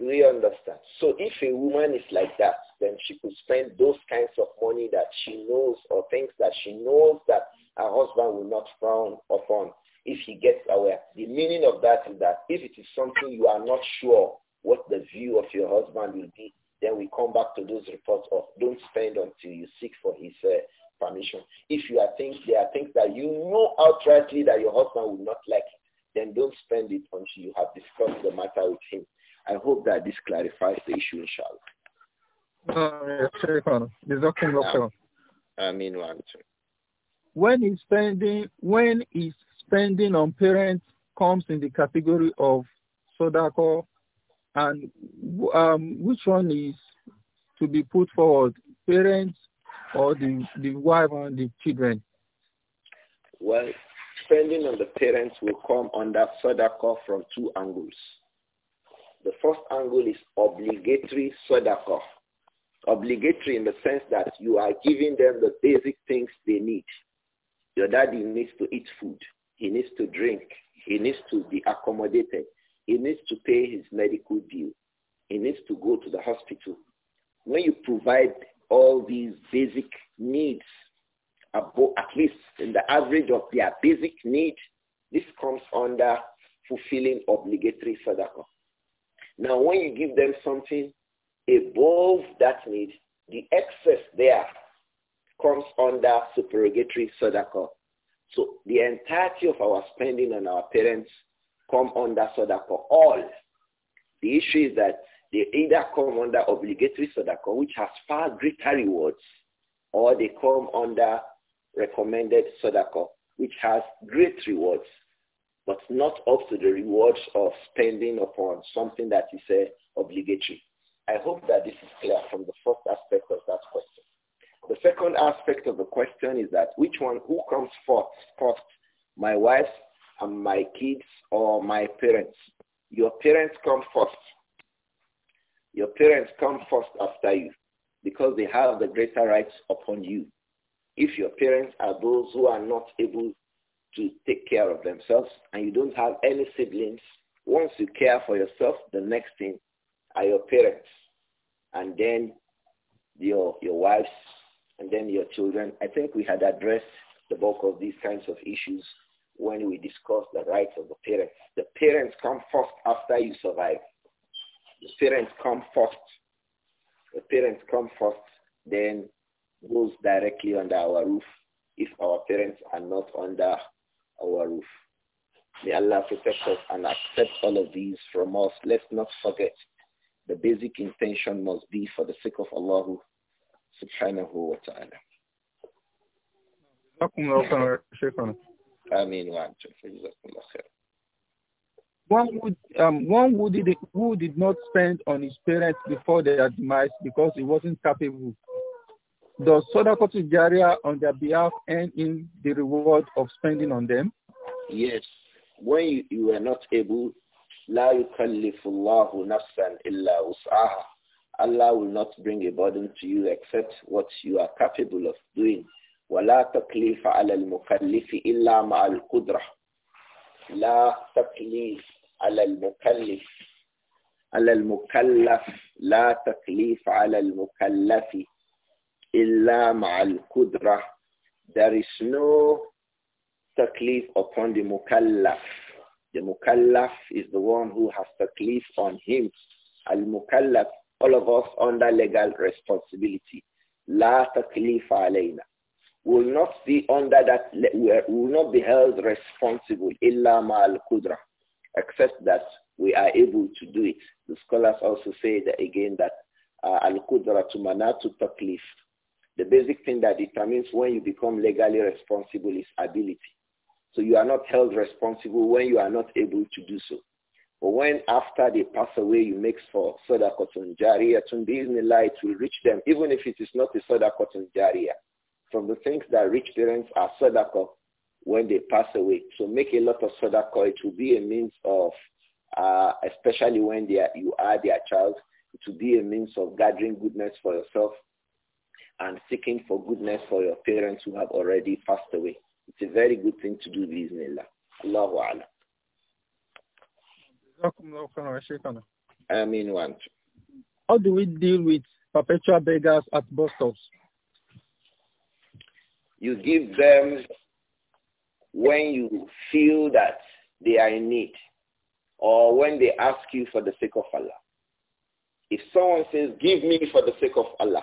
Do you understand? So if a woman is like that, then she could spend those kinds of money that she knows or things that she knows that her husband will not frown upon if he gets aware. The meaning of that is that if it is something you are not sure what the view of your husband will be, then we come back to those reports of don't spend until you seek for his uh, permission. If you are think there are things that you know outrightly that your husband will not like, then don't spend it until you have discussed the matter with him. I hope that this clarifies the issue, inshallah. I mean, when is spending when is spending on parents comes in the category of sodako and um, which one is to be put forward, parents or the, the wife and the children? Well, spending on the parents will come under sodako from two angles the first angle is obligatory sadaqah. Obligatory in the sense that you are giving them the basic things they need. Your daddy needs to eat food. He needs to drink. He needs to be accommodated. He needs to pay his medical bill. He needs to go to the hospital. When you provide all these basic needs, at least in the average of their basic need, this comes under fulfilling obligatory sadaqah. Now, when you give them something above that need, the excess there comes under supererogatory sadaqah. So the entirety of our spending on our parents come under sadaqah, all. The issue is that they either come under obligatory sadaqah, which has far greater rewards, or they come under recommended sadaqah, which has great rewards but not up to the rewards of spending upon something that is uh, obligatory. I hope that this is clear from the first aspect of that question. The second aspect of the question is that which one, who comes first, first, my wife and my kids or my parents? Your parents come first. Your parents come first after you because they have the greater rights upon you. If your parents are those who are not able to take care of themselves and you don't have any siblings, once you care for yourself, the next thing are your parents and then your, your wives and then your children. I think we had addressed the bulk of these kinds of issues when we discussed the rights of the parents. The parents come first after you survive. The parents come first. The parents come first, then goes directly under our roof if our parents are not under our roof. May Allah protect us and accept all of these from us. Let's not forget the basic intention must be for the sake of Allah subhanahu wa ta'ala. one would um, one who did who did not spend on his parents before their demise because he wasn't capable the Does Sadaqatu Jariya on their behalf and in the reward of spending on them? Yes. When you, you are not able, La yukallifullahu nafsan illa us'aha. Allah will not bring a burden to you except what you are capable of doing. ولا تكليف على المكلف إلا مع القدرة. لا تكليف على المكلف على المكلف لا تكليف على المكلف إِلَّا al kudra. There is no taklif upon the mukallaf. The mukallaf is the one who has taklif on him. Al-mukallaf, all of us under legal responsibility. La taklif alayna. Will not be under that, will not be held responsible. Illa ma'al kudra. Except that we are able to do it. The scholars also say that again that uh, al-kudra to manatu taklif. The basic thing that determines when you become legally responsible is ability. So you are not held responsible when you are not able to do so. But when after they pass away, you make for sadaqatun jariyatun bi'iznillah, light will reach them, even if it is not a sadaqatun From the things that rich parents are sodako when they pass away. So make a lot of sodako. It will be a means of, uh, especially when they are, you are their child, it will be a means of gathering goodness for yourself and seeking for goodness for your parents who have already passed away. It's a very good thing to do, Bismillah. Allahu Alam. I mean one. How do we deal with perpetual beggars at bus stops? You give them when you feel that they are in need or when they ask you for the sake of Allah. If someone says, give me for the sake of Allah,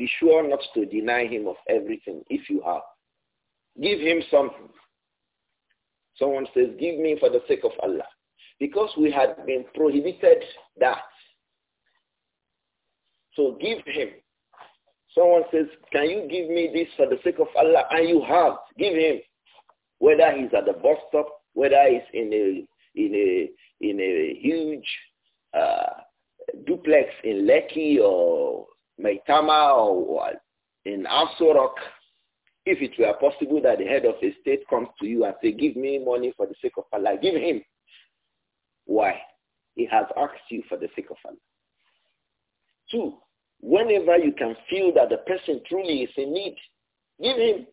be sure not to deny him of everything if you have. Give him something. Someone says, give me for the sake of Allah. Because we had been prohibited that. So give him. Someone says, can you give me this for the sake of Allah? And you have. Give him. Whether he's at the bus stop, whether he's in a, in a, in a huge uh, duplex in Lekki or Maitama or in Asorok, if it were possible that the head of a state comes to you and say, give me money for the sake of Allah, give him. Why? He has asked you for the sake of Allah. Two, whenever you can feel that the person truly is in need, give him.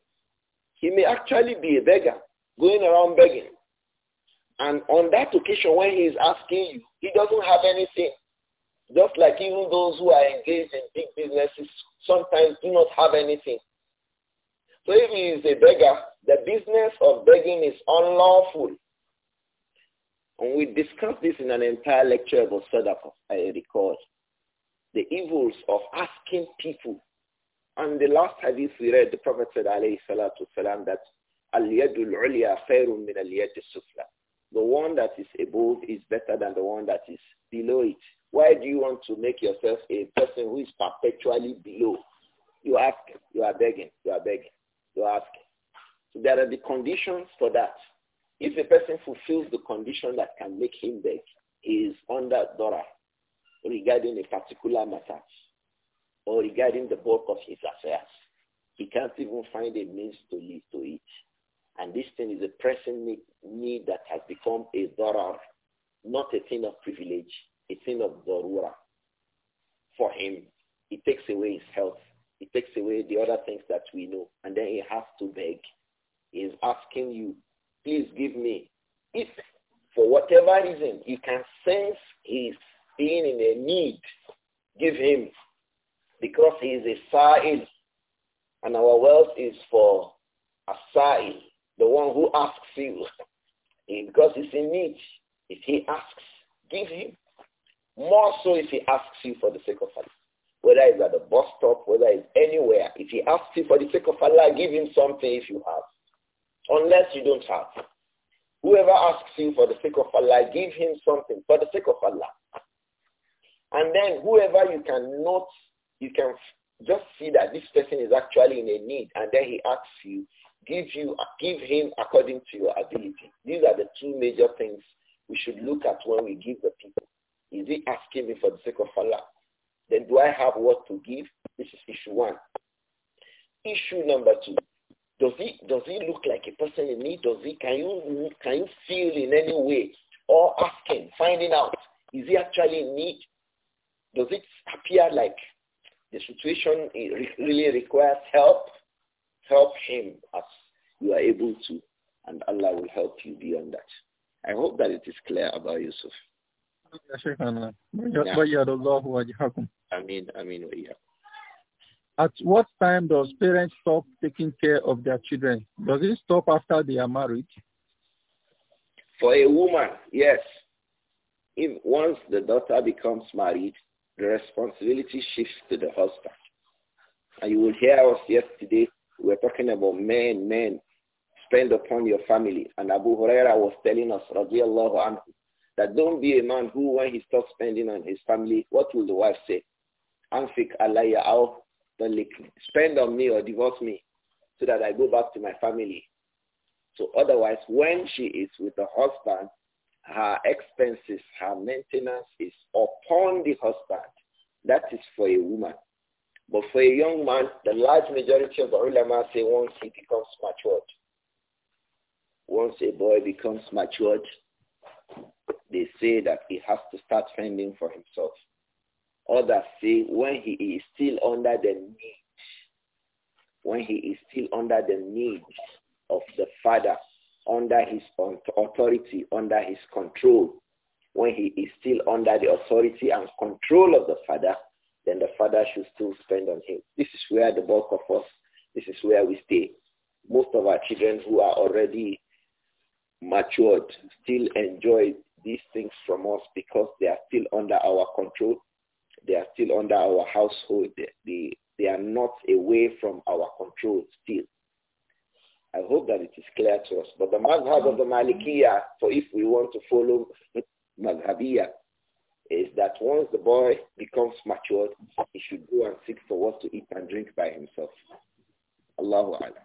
He may actually be a beggar, going around begging. And on that occasion when he is asking you, he doesn't have anything. Just like even those who are engaged in big businesses sometimes do not have anything. So if he is a beggar, the business of begging is unlawful. And we discussed this in an entire lecture about Sadaqah, I recall. The evils of asking people. And the last hadith we read, the Prophet said, alayhi salatu salam, that al-yadul khairun min al-yad sufla. The one that is above is better than the one that is below it. Why do you want to make yourself a person who is perpetually below? You ask, you are begging, you are begging, you are asking. So there are the conditions for that. If a person fulfills the condition that can make him beg, he is under Dora regarding a particular matter or regarding the bulk of his affairs. He can't even find a means to live to it. And this thing is a pressing need, need that has become a Dora, not a thing of privilege it's in of Zorura. For him, it takes away his health. It takes away the other things that we know. And then he has to beg. He's asking you, please give me. If for whatever reason you can sense he's being in a need, give him. Because he is a sa'il. And our wealth is for a sa'il, the one who asks you. [LAUGHS] because he's in need. If he asks, give him. More so if he asks you for the sake of Allah. Whether it's at the bus stop, whether it's anywhere. If he asks you for the sake of Allah, give him something if you have. Unless you don't have. Whoever asks you for the sake of Allah, give him something for the sake of Allah. And then whoever you can note, you can just see that this person is actually in a need and then he asks you, give you give him according to your ability. These are the two major things we should look at when we give the people. Is he asking me for the sake of Allah? Then do I have what to give? This is issue one. Issue number two. Does he does he look like a person in need? Does he can you can you feel in any way or asking, finding out, is he actually in need? Does it appear like the situation really requires help? Help him as you are able to, and Allah will help you beyond that. I hope that it is clear about Yusuf. يا شيخنا ويد الله وجهكم At what time does parents stop taking care of their children? Does it stop after they are married? For a woman, yes. If once the daughter becomes married, the responsibility shifts to the husband. And you will hear us yesterday, we were talking about men, men, spend upon your family. And Abu Huraira was telling us, radiallahu anhu, that don't be a man who, when he stops spending on his family, what will the wife say? Anfik alaya al Spend on me or divorce me so that I go back to my family. So otherwise, when she is with the husband, her expenses, her maintenance is upon the husband. That is for a woman. But for a young man, the large majority of the ulama say once he becomes matured, once a boy becomes matured, they say that he has to start fending for himself. Others say when he is still under the need, when he is still under the need of the Father, under his authority, under his control, when he is still under the authority and control of the Father, then the Father should still spend on him. This is where the bulk of us, this is where we stay. Most of our children who are already matured still enjoy these things from us because they are still under our control. They are still under our household. They, they are not away from our control still. I hope that it is clear to us. But the madhab of the Malikiya, for if we want to follow madhabiya, is that once the boy becomes matured, he should go and seek for what to eat and drink by himself. Allahu Akbar.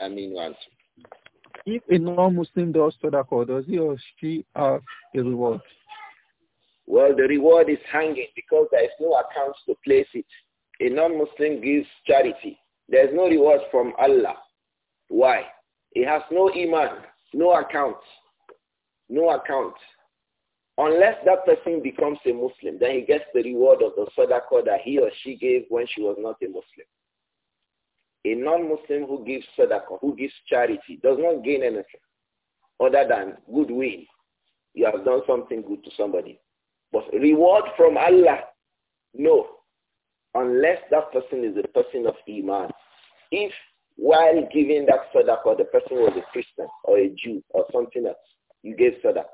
I mean, once. If a non-Muslim does sadaqah, does he or she have a reward? Well, the reward is hanging because there is no account to place it. A non-Muslim gives charity. There is no reward from Allah. Why? He has no iman, no account, no account. Unless that person becomes a Muslim, then he gets the reward of the sadaqah that he or she gave when she was not a Muslim a non-Muslim who gives sadaqah, who gives charity, does not gain anything other than goodwill. You have done something good to somebody. But reward from Allah, no. Unless that person is a person of Iman. If while giving that sadaqah, the person was a Christian or a Jew or something else, you gave sadaqah.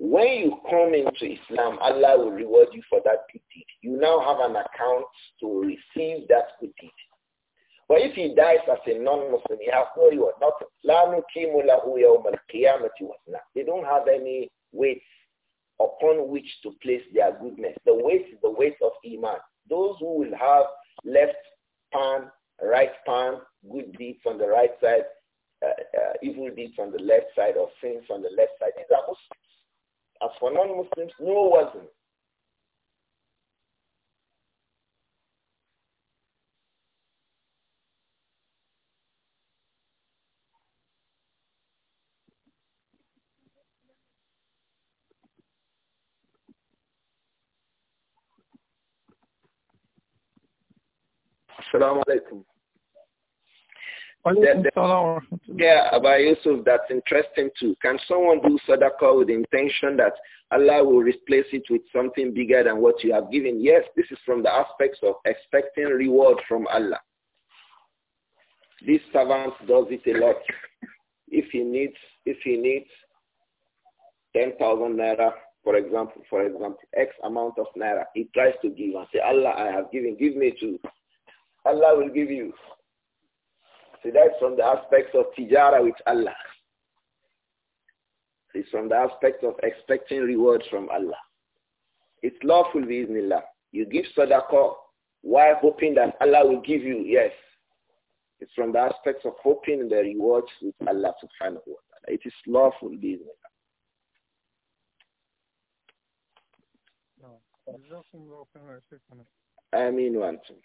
When you come into Islam, Allah will reward you for that good deed. You now have an account to receive that good deed but if he dies as a non-Muslim, he has no reward. Not They don't have any weights upon which to place their goodness. The weight is the weight of Iman. Those who will have left palm, right palm, good deeds on the right side, uh, uh, evil deeds on the left side, or sins on the left side. These are Muslims. As for non-Muslims, no wasn't. alaikum. yeah, about Yusuf, that's interesting too. Can someone do sadaqah with the intention that Allah will replace it with something bigger than what you have given? Yes, this is from the aspects of expecting reward from Allah. This servant does it a lot. If he needs, if he needs 10,000 naira, for example, for example, X amount of naira, he tries to give and say, Allah, I have given, give me two. Allah will give you. So that's from the aspects of tijara with Allah. It's from the aspect of expecting rewards from Allah. It's lawful bi'idhnillah. You give sadaqah while hoping that Allah will give you, yes. It's from the aspects of hoping the rewards with Allah to find ta'ala. It is lawful bi'idhnillah. I mean one, thing.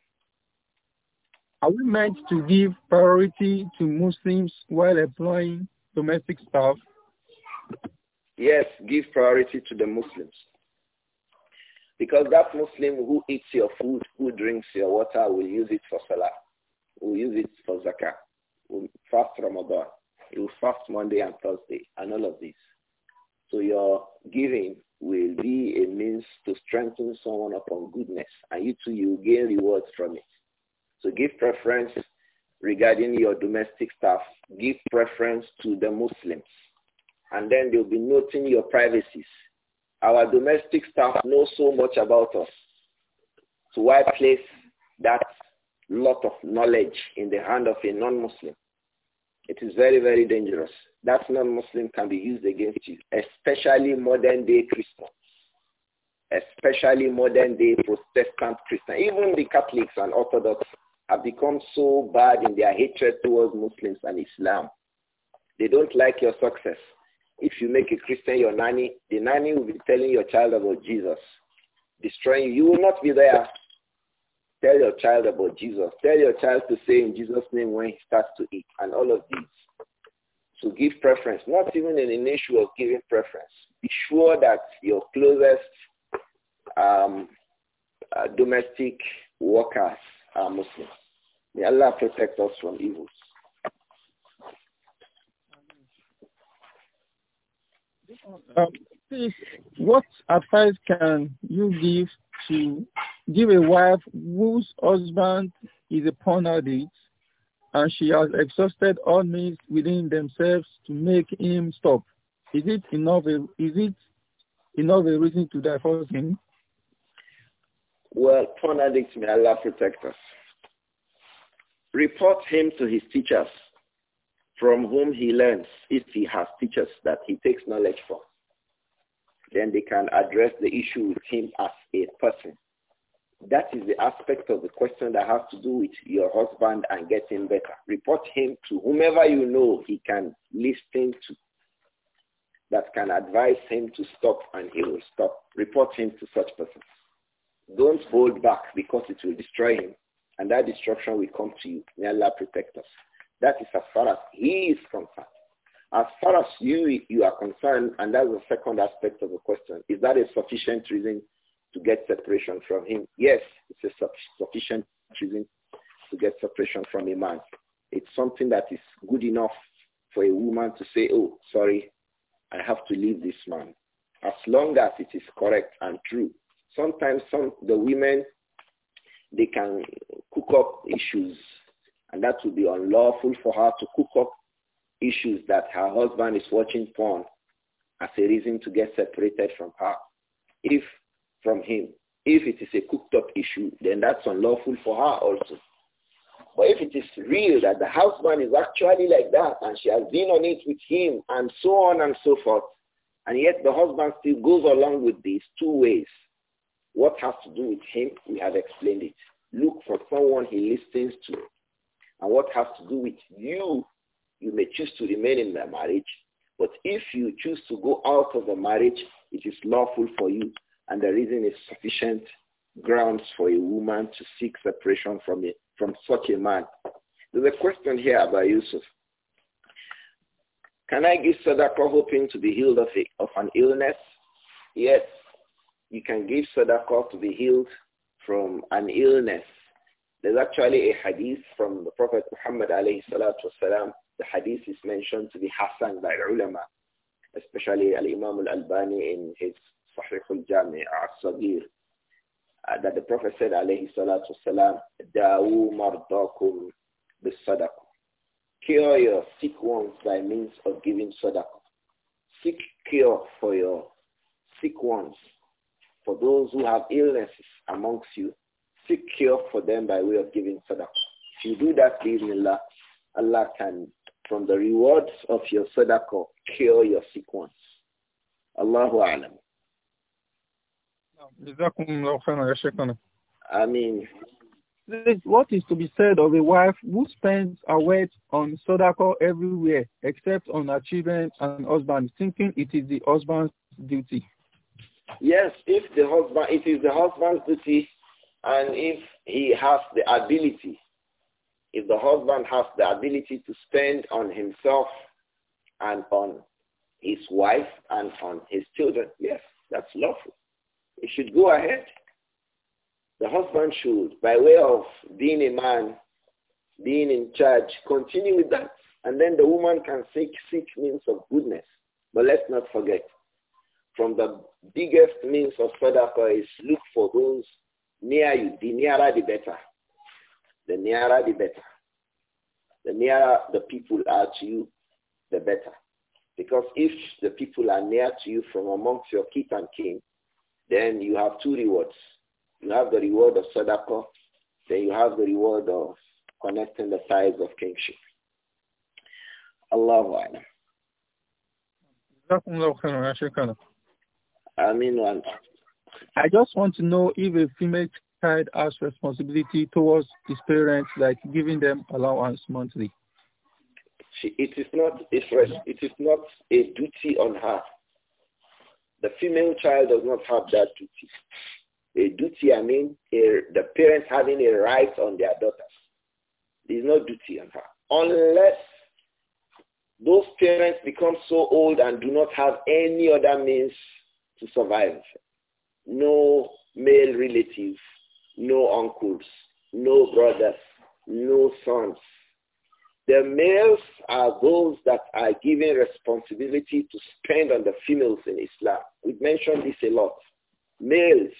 Are we meant to give priority to Muslims while employing domestic staff? Yes, give priority to the Muslims. Because that Muslim who eats your food, who drinks your water, will use it for salah, will use it for zakah, will fast Ramadan, will fast Monday and Thursday, and all of this. So your giving will be a means to strengthen someone upon goodness, and you too, you gain rewards from it. So give preference regarding your domestic staff. Give preference to the Muslims. And then they'll be noting your privacies. Our domestic staff know so much about us. So why place that lot of knowledge in the hand of a non-Muslim? It is very, very dangerous. That non-Muslim can be used against you, especially modern-day Christians, especially modern-day Protestant Christians, even the Catholics and Orthodox have become so bad in their hatred towards Muslims and Islam. They don't like your success. If you make a Christian your nanny, the nanny will be telling your child about Jesus, destroying you. You will not be there. Tell your child about Jesus. Tell your child to say in Jesus' name when he starts to eat and all of these. So give preference, not even in an issue of giving preference. Be sure that your closest um, uh, domestic workers are Muslims. May Allah protect us from evils. Um, please, what advice can you give to give a wife whose husband is a porn addict and she has exhausted all means within themselves to make him stop? Is it enough? is it enough a reason to divorce him? Well, porn addicts may Allah protect us. Report him to his teachers from whom he learns if he has teachers that he takes knowledge from. Then they can address the issue with him as a person. That is the aspect of the question that has to do with your husband and getting better. Report him to whomever you know he can listen to that can advise him to stop and he will stop. Report him to such persons. Don't hold back because it will destroy him. And that destruction will come to you. May Allah protect us. That is as far as he is concerned. As far as you, you are concerned, and that's the second aspect of the question, is that a sufficient reason to get separation from him? Yes, it's a sufficient reason to get separation from a man. It's something that is good enough for a woman to say, oh, sorry, I have to leave this man. As long as it is correct and true. Sometimes some, the women they can cook up issues and that would be unlawful for her to cook up issues that her husband is watching porn as a reason to get separated from her. If from him, if it is a cooked up issue, then that's unlawful for her also. But if it is real that the husband is actually like that and she has been on it with him and so on and so forth, and yet the husband still goes along with these two ways, what has to do with him, we have explained it. Look for someone he listens to. And what has to do with you, you may choose to remain in the marriage. But if you choose to go out of the marriage, it is lawful for you. And the reason is sufficient grounds for a woman to seek separation from, a, from such a man. There's a question here about Yusuf. Can I give Sadaqah hoping to be healed of, a, of an illness? Yes, you can give sadaqah to be healed from an illness. There's actually a hadith from the Prophet Muhammad alayhi salatu wasalam. The hadith is mentioned to be Hassan by the ulama, especially Al-Imam Al-Albani in his Sahih Al-Jami' al Uh, that the Prophet said alayhi salatu wasalam, Da'u mardakum bis sadaqah. Cure your sick ones by means of giving sadaqah. Seek cure for your sick ones for those who have illnesses amongst you, seek cure for them by way of giving sadaqah. If you do that, Allah, Allah can, from the rewards of your sadaqah, cure your sick ones. Allahu alam. I mean, what is to be said of a wife who spends her wealth on sadaqah everywhere except on achieving an and husband, thinking it is the husband's duty? Yes, if the husband, it is the husband's duty and if he has the ability, if the husband has the ability to spend on himself and on his wife and on his children, yes, that's lawful. He should go ahead. The husband should, by way of being a man, being in charge, continue with that. And then the woman can seek, seek means of goodness. But let's not forget, from the biggest means of sadaqah is look for those near you. The nearer the better. The nearer the better. The nearer the people are to you, the better. Because if the people are near to you from amongst your kith and kin, then you have two rewards. You have the reward of sadaqah, then you have the reward of connecting the ties of kingship. Allahu Akbar. I mean one. I just want to know if a female child has responsibility towards his parents, like giving them allowance monthly. She, it is not a it is not a duty on her. The female child does not have that duty. A duty, I mean, a, the parents having a right on their daughters. There is no duty on her unless those parents become so old and do not have any other means to survive. No male relatives, no uncles, no brothers, no sons. The males are those that are given responsibility to spend on the females in Islam. We've mentioned this a lot. Males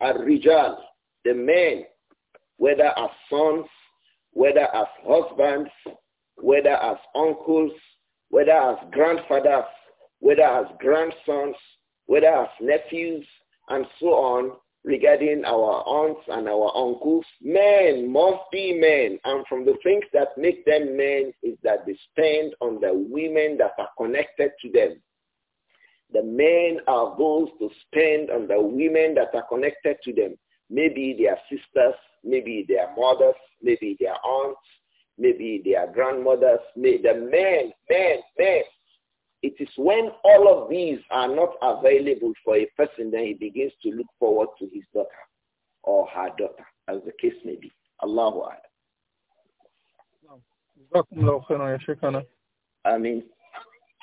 are rijal, the men, whether as sons, whether as husbands, whether as uncles, whether as grandfathers, whether as grandsons, whether as nephews and so on, regarding our aunts and our uncles. Men must be men. And from the things that make them men is that they spend on the women that are connected to them. The men are those to spend on the women that are connected to them. Maybe their sisters, maybe their mothers, maybe their aunts, maybe their grandmothers. the men, men, men it is when all of these are not available for a person that he begins to look forward to his daughter or her daughter, as the case may be. Allahu Akbar. I mean,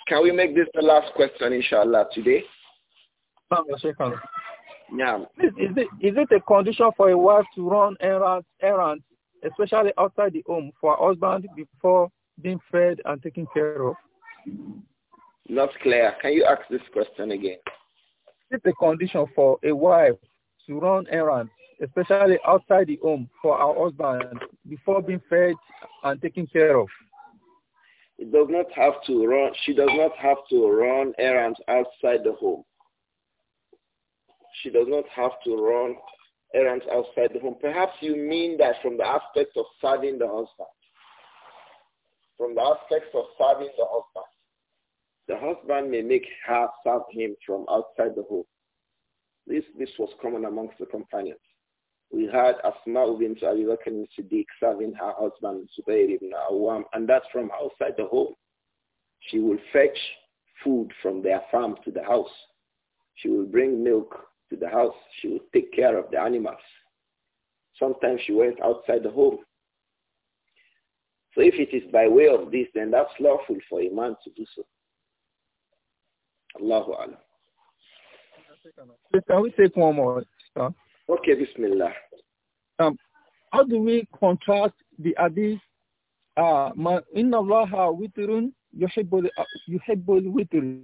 can we make this the last question, inshallah, today? Yeah. Is, is, it, is it a condition for a wife to run errands, errands, especially outside the home, for a husband before being fed and taken care of? Not clear. Can you ask this question again? It's a condition for a wife to run errands, especially outside the home for her husband before being fed and taken care of. It does not have to run. She does not have to run errands outside the home. She does not have to run errands outside the home. Perhaps you mean that from the aspect of serving the husband. From the aspect of serving the husband. The husband may make her serve him from outside the home. This, this was common amongst the companions. We had Asma bint Abi Bakr and Siddiq serving her husband Zubair ibn Awam, and that's from outside the home. She will fetch food from their farm to the house. She will bring milk to the house. She will take care of the animals. Sometimes she went outside the home. So if it is by way of this, then that's lawful for a man to do so. Allahu Alam. Can we take one more? Sir? Okay, Bismillah. Um, how do we contrast the hadith uh, inna allaha witrun yuhibbul uh, witr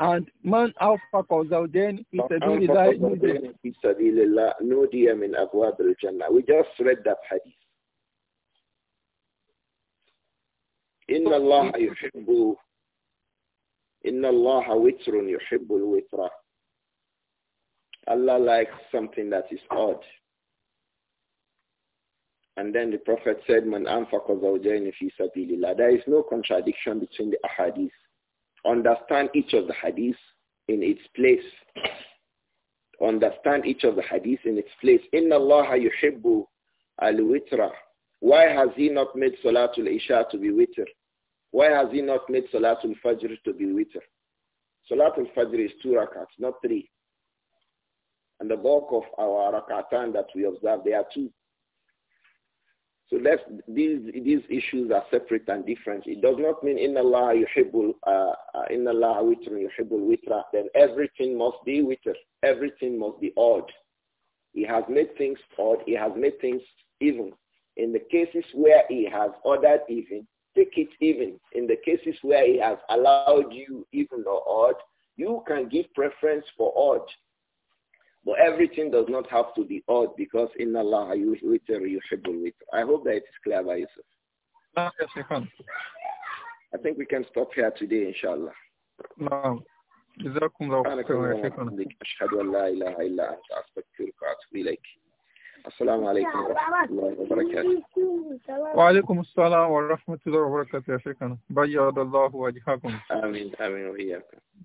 and man awfaqa zawjain fi sabilillah fi sabilillah nudiya min abwab al-jannah we just read that hadith inna allaha yuhibbu Inna Allah witrun yuhibbul witra. Allah likes something that is odd. And then the Prophet said, Man anfaqa zawjayn fi sabilillah. There is no contradiction between the ahadith. Understand each of the hadith in its place. Understand each of the hadith in its place. Inna Allah yuhibbu al-witra. Why has he not made Salatul Isha to be witr? Why has he not made Salatul Fajr to be witr? Salatul Fajr is two rakats, not three. And the bulk of our rakatan that we observe, they are two. So let's, these, these issues are separate and different. It does not mean in Allah yuhibbul, uh, uh in Allah witrun yuhibbul witra. Then everything must be witr. Everything must be odd. He has made things odd. He has made things even. In the cases where he has ordered even, take it even. In the cases where he has allowed you even or odd, you can give preference for odd. But everything does not have to be odd because in Allah you yuhibbul I hope that it is clear by Yusuf. yes, you I think we can stop here today, inshallah. No. جزاكم الله خيرا أشهد أن لا إله إلا أنت أستغفرك وأتوب إليك السلام عليكم ورحمة الله وبركاته [LAUGHS] وعليكم السلام ورحمة الله وبركاته يا شيخنا بيض الله وجهكم آمين آمين وإياكم